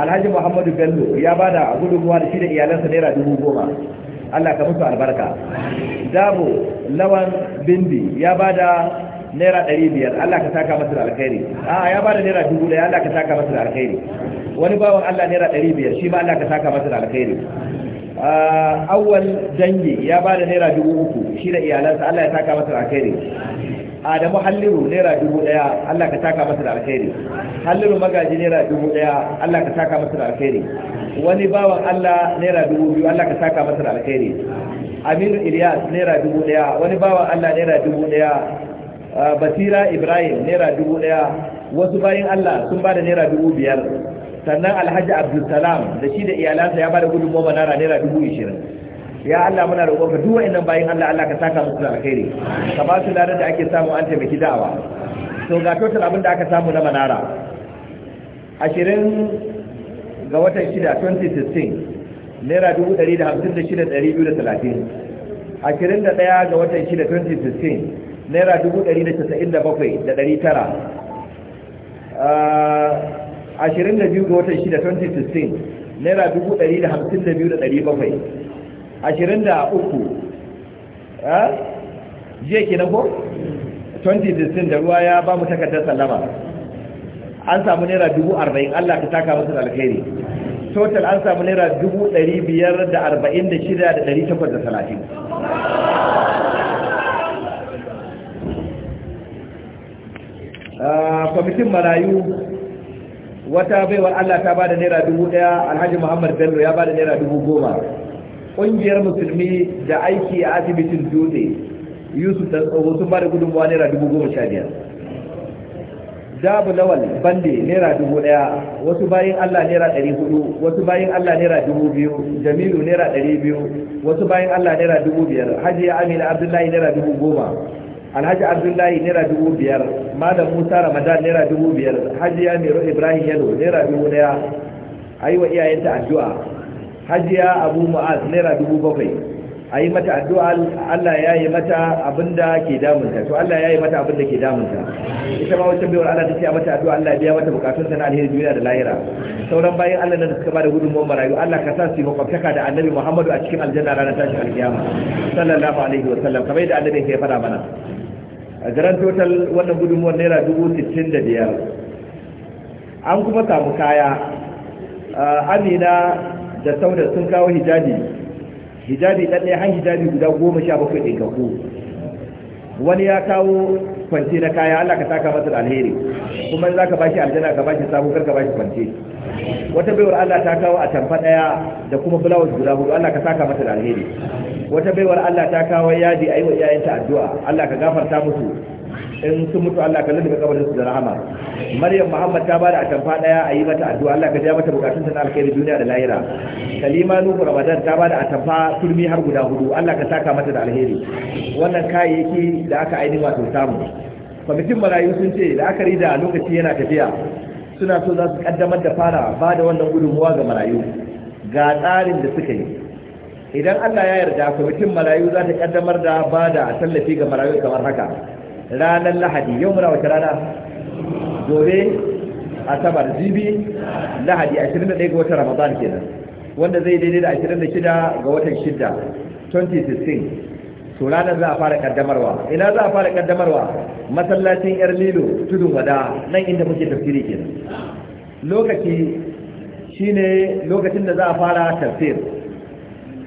alhaji muhammadu bello ya bada da gudunmuwa da shi da iyalansa naira dubu goma Allah ka musu albarka dabo lawan bindi ya bada naira ɗari biyar Allah ka saka masa alkhairi a ya bada naira dubu ɗaya Allah ka saka masa alkhairi wani bawan Allah naira ɗari biyar shi ma Allah ka saka masa da alkhairi awwal dangi ya bada naira dubu uku shi da iyalansa Allah ya saka masa alkhairi adamu halliru naira dubu daya allah ka taka masa da alkhairi halliru magaji naira dubu daya allah ka taka masa da alkhairi wani bawan allah naira dubu biyu allah ka taka masa da alkhairi aminu ilyas naira dubu daya wani bawan allah naira dubu daya ah, basira ibrahim naira dubu daya wasu bayan allah sun ba da naira dubu biyar sannan alhaji abdulsalam da shi da iyalansa ya ba da gudunmawa naira naira dubu ishirin ya Allah muna roƙon ka duk wa'annan bayin Allah Allah ka saka musu da alkhairi ka ba su ladan da ake samu an taimaki da'awa to ga total abin da aka samu na manara 20 ga watan 6 2016 naira 156,230 21 ga watan 6 2016 naira 197,900 22 ah, ga watan 6 2016 naira 152,700 ashirin da uku jiya ke na ko 2016 da ruwa ya ba mu takardar sallama an samu naira dubu arba'in allah ta taka masu alkhairi total an samu naira dubu ɗari biyar da arba'in da shida da ɗari takwas da talatin ah, kwamitin marayu wata baiwar allah ta ba da naira dubu ɗaya alhaji muhammad bello ya ba da naira dubu goma ƙungiyar musulmi da aiki a asibitin dutse yusuf da tsoho sun ba da gudunmawa naira dubu goma sha biyar dabu lawal bande naira dubu ɗaya wasu bayan allah naira dari hudu wasu bayan allah naira dubu biyu jamilu naira ɗari biyu wasu bayan allah naira dubu biyar hajiya amina abdullahi naira dubu goma alhaji abdullahi naira dubu biyar malam musa ramadan naira dubu biyar hajiya mero ibrahim yalo naira dubu daya a yi wa iyayenta addu'a hajiya abu mu'az naira dubu bakwai a yi mata addu'a Allah ya yi mata abin da ke damunta to Allah ya yi mata abin da ke damunta ita ma wacce baiwar Allah ta ce a mata addu'a Allah ya biya mata bukatun sana alheri duniya da lahira sauran bayan Allah na suka ba da gudunmuwar marayu Allah ka sa su yi makwabtaka da annabi Muhammadu a cikin aljanna ranar tashin alkiyama sallallahu alaihi wa sallam kamar yadda annabi ya faɗa mana a garan total wannan gudunmuwar naira dubu sittin da biyar an kuma samu kaya amina da sauda sun kawo hijabi hijabi ɗaɗɗe han hijabi guda goma sha bakwai ɗin kako wani ya kawo kwance na kaya Allah ka saka masa da alheri kuma za ka bashi aljanna ka bashi sabo kar ka bashi kwance wata baiwar Allah ta kawo a tamfa daya da kuma blouse guda hudu Allah ka saka masa da alheri wata baiwar Allah ta kawo yadi ayi wa iyayenta addu'a Allah ka gafarta musu in sun mutu Allah ka lulluɓe kabarin su da rahama Maryam Muhammad ta bada atamfa daya a yi mata addu'a Allah ka ja mata bukatun ta na alkhairi duniya da lahira Salima Nuhu Ramadan ta bada atamfa turmi har guda hudu Allah ka saka mata da alheri wannan kayayyaki da aka aini wato samu kwamitin marayu sun ce da aka rida lokaci yana tafiya suna so za su kaddamar da fara ba wannan gudunmuwa ga marayu ga tsarin da suka yi idan Allah ya yarda kwamitin marayu za ta kaddamar da ba da tallafi ga marayu kamar haka ranar lahadi yau muna wace rana gobe asabar jibi lahadi 21 ga watan ramadan kenan wanda zai daidai da 26 ga watan 6 2016 to ranar za a fara kaddamarwa ina za a fara kaddamarwa masallacin yar lilo tudun wada nan inda muke tafsiri kenan lokaci shine lokacin da za a fara tafsir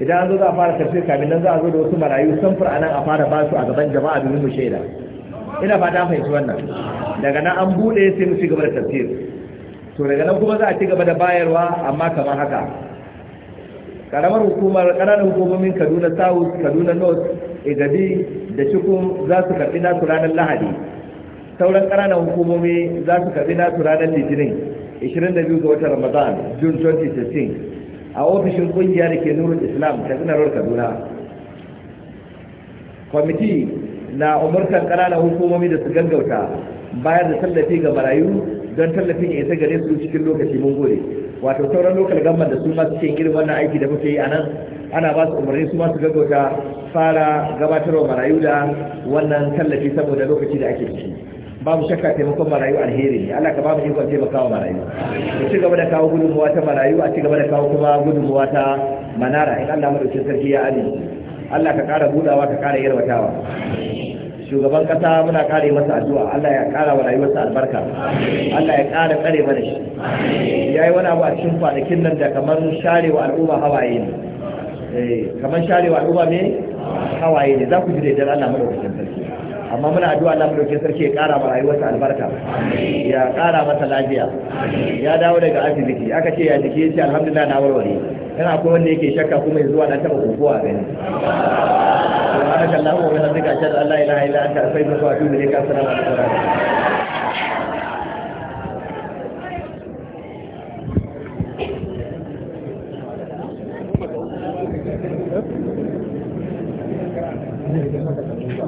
idan an zo za a fara tafsir kamin nan za a zo da wasu marayu samfur a nan a fara basu a gaban jama'a domin mu shaida ina fata fahimci wannan daga nan an bude sai mu ci gaba da tafsir to daga nan kuma za a ci gaba da bayarwa amma kamar haka karamar hukumar ƙananan hukumomin kaduna south kaduna north igabi da cikin za su karbi nasu ranar lahadi sauran kananan hukumomi za su karbi nasu ranar litinin 22 ga watan ramadan june 2016 a ofishin kungiyar da ke nurul islam ta kaduna kwamiti na umurtar kananan hukumomi da su gaggauta bayar da tallafi ga marayu don tallafi ya isa gare su cikin lokaci mun gode wato sauran lokal gamba da su ma cikin irin wannan aiki da muke yi a nan ana ba su umarni su ma su gaggauta fara gabatarwa marayu da wannan tallafi saboda lokaci da ake ciki babu shakka taimakon marayu alheri ne Allah ka ba mu ikon taimakawa marayu mu ci gaba da kawo gudunmuwa ta marayu a ci gaba da kawo kuma gudunmuwa ta manara in Allah madaukin sarki ya ani Allah ka ƙara budawa ka kara yarwatawa shugaban kasa muna kare masa addu'a Allah ya kara wa rayuwarsa albarka Allah ya kara kare mana shi yayi wani abu a cikin kwanakin nan da kamar sharewa al'umma hawaye ne eh, kamar sharewa al'umma me hawaye ne za ku ji da Allah madaukakin sarki amma muna addu'a Allah mulke sarki ya kara ma rayuwarsa albarka ya kara masa lafiya ya dawo daga asibiti aka ce ya jiki shi alhamdulillah na warware kana akwai wanda yake shakka kuma yanzu ana taba kokowa a gani subhanaka allahumma wa bihamdika ashhadu an la ilaha illa anta astaghfiruka wa atubu ilayka assalamu alaikum wa rahmatullahi Thank you.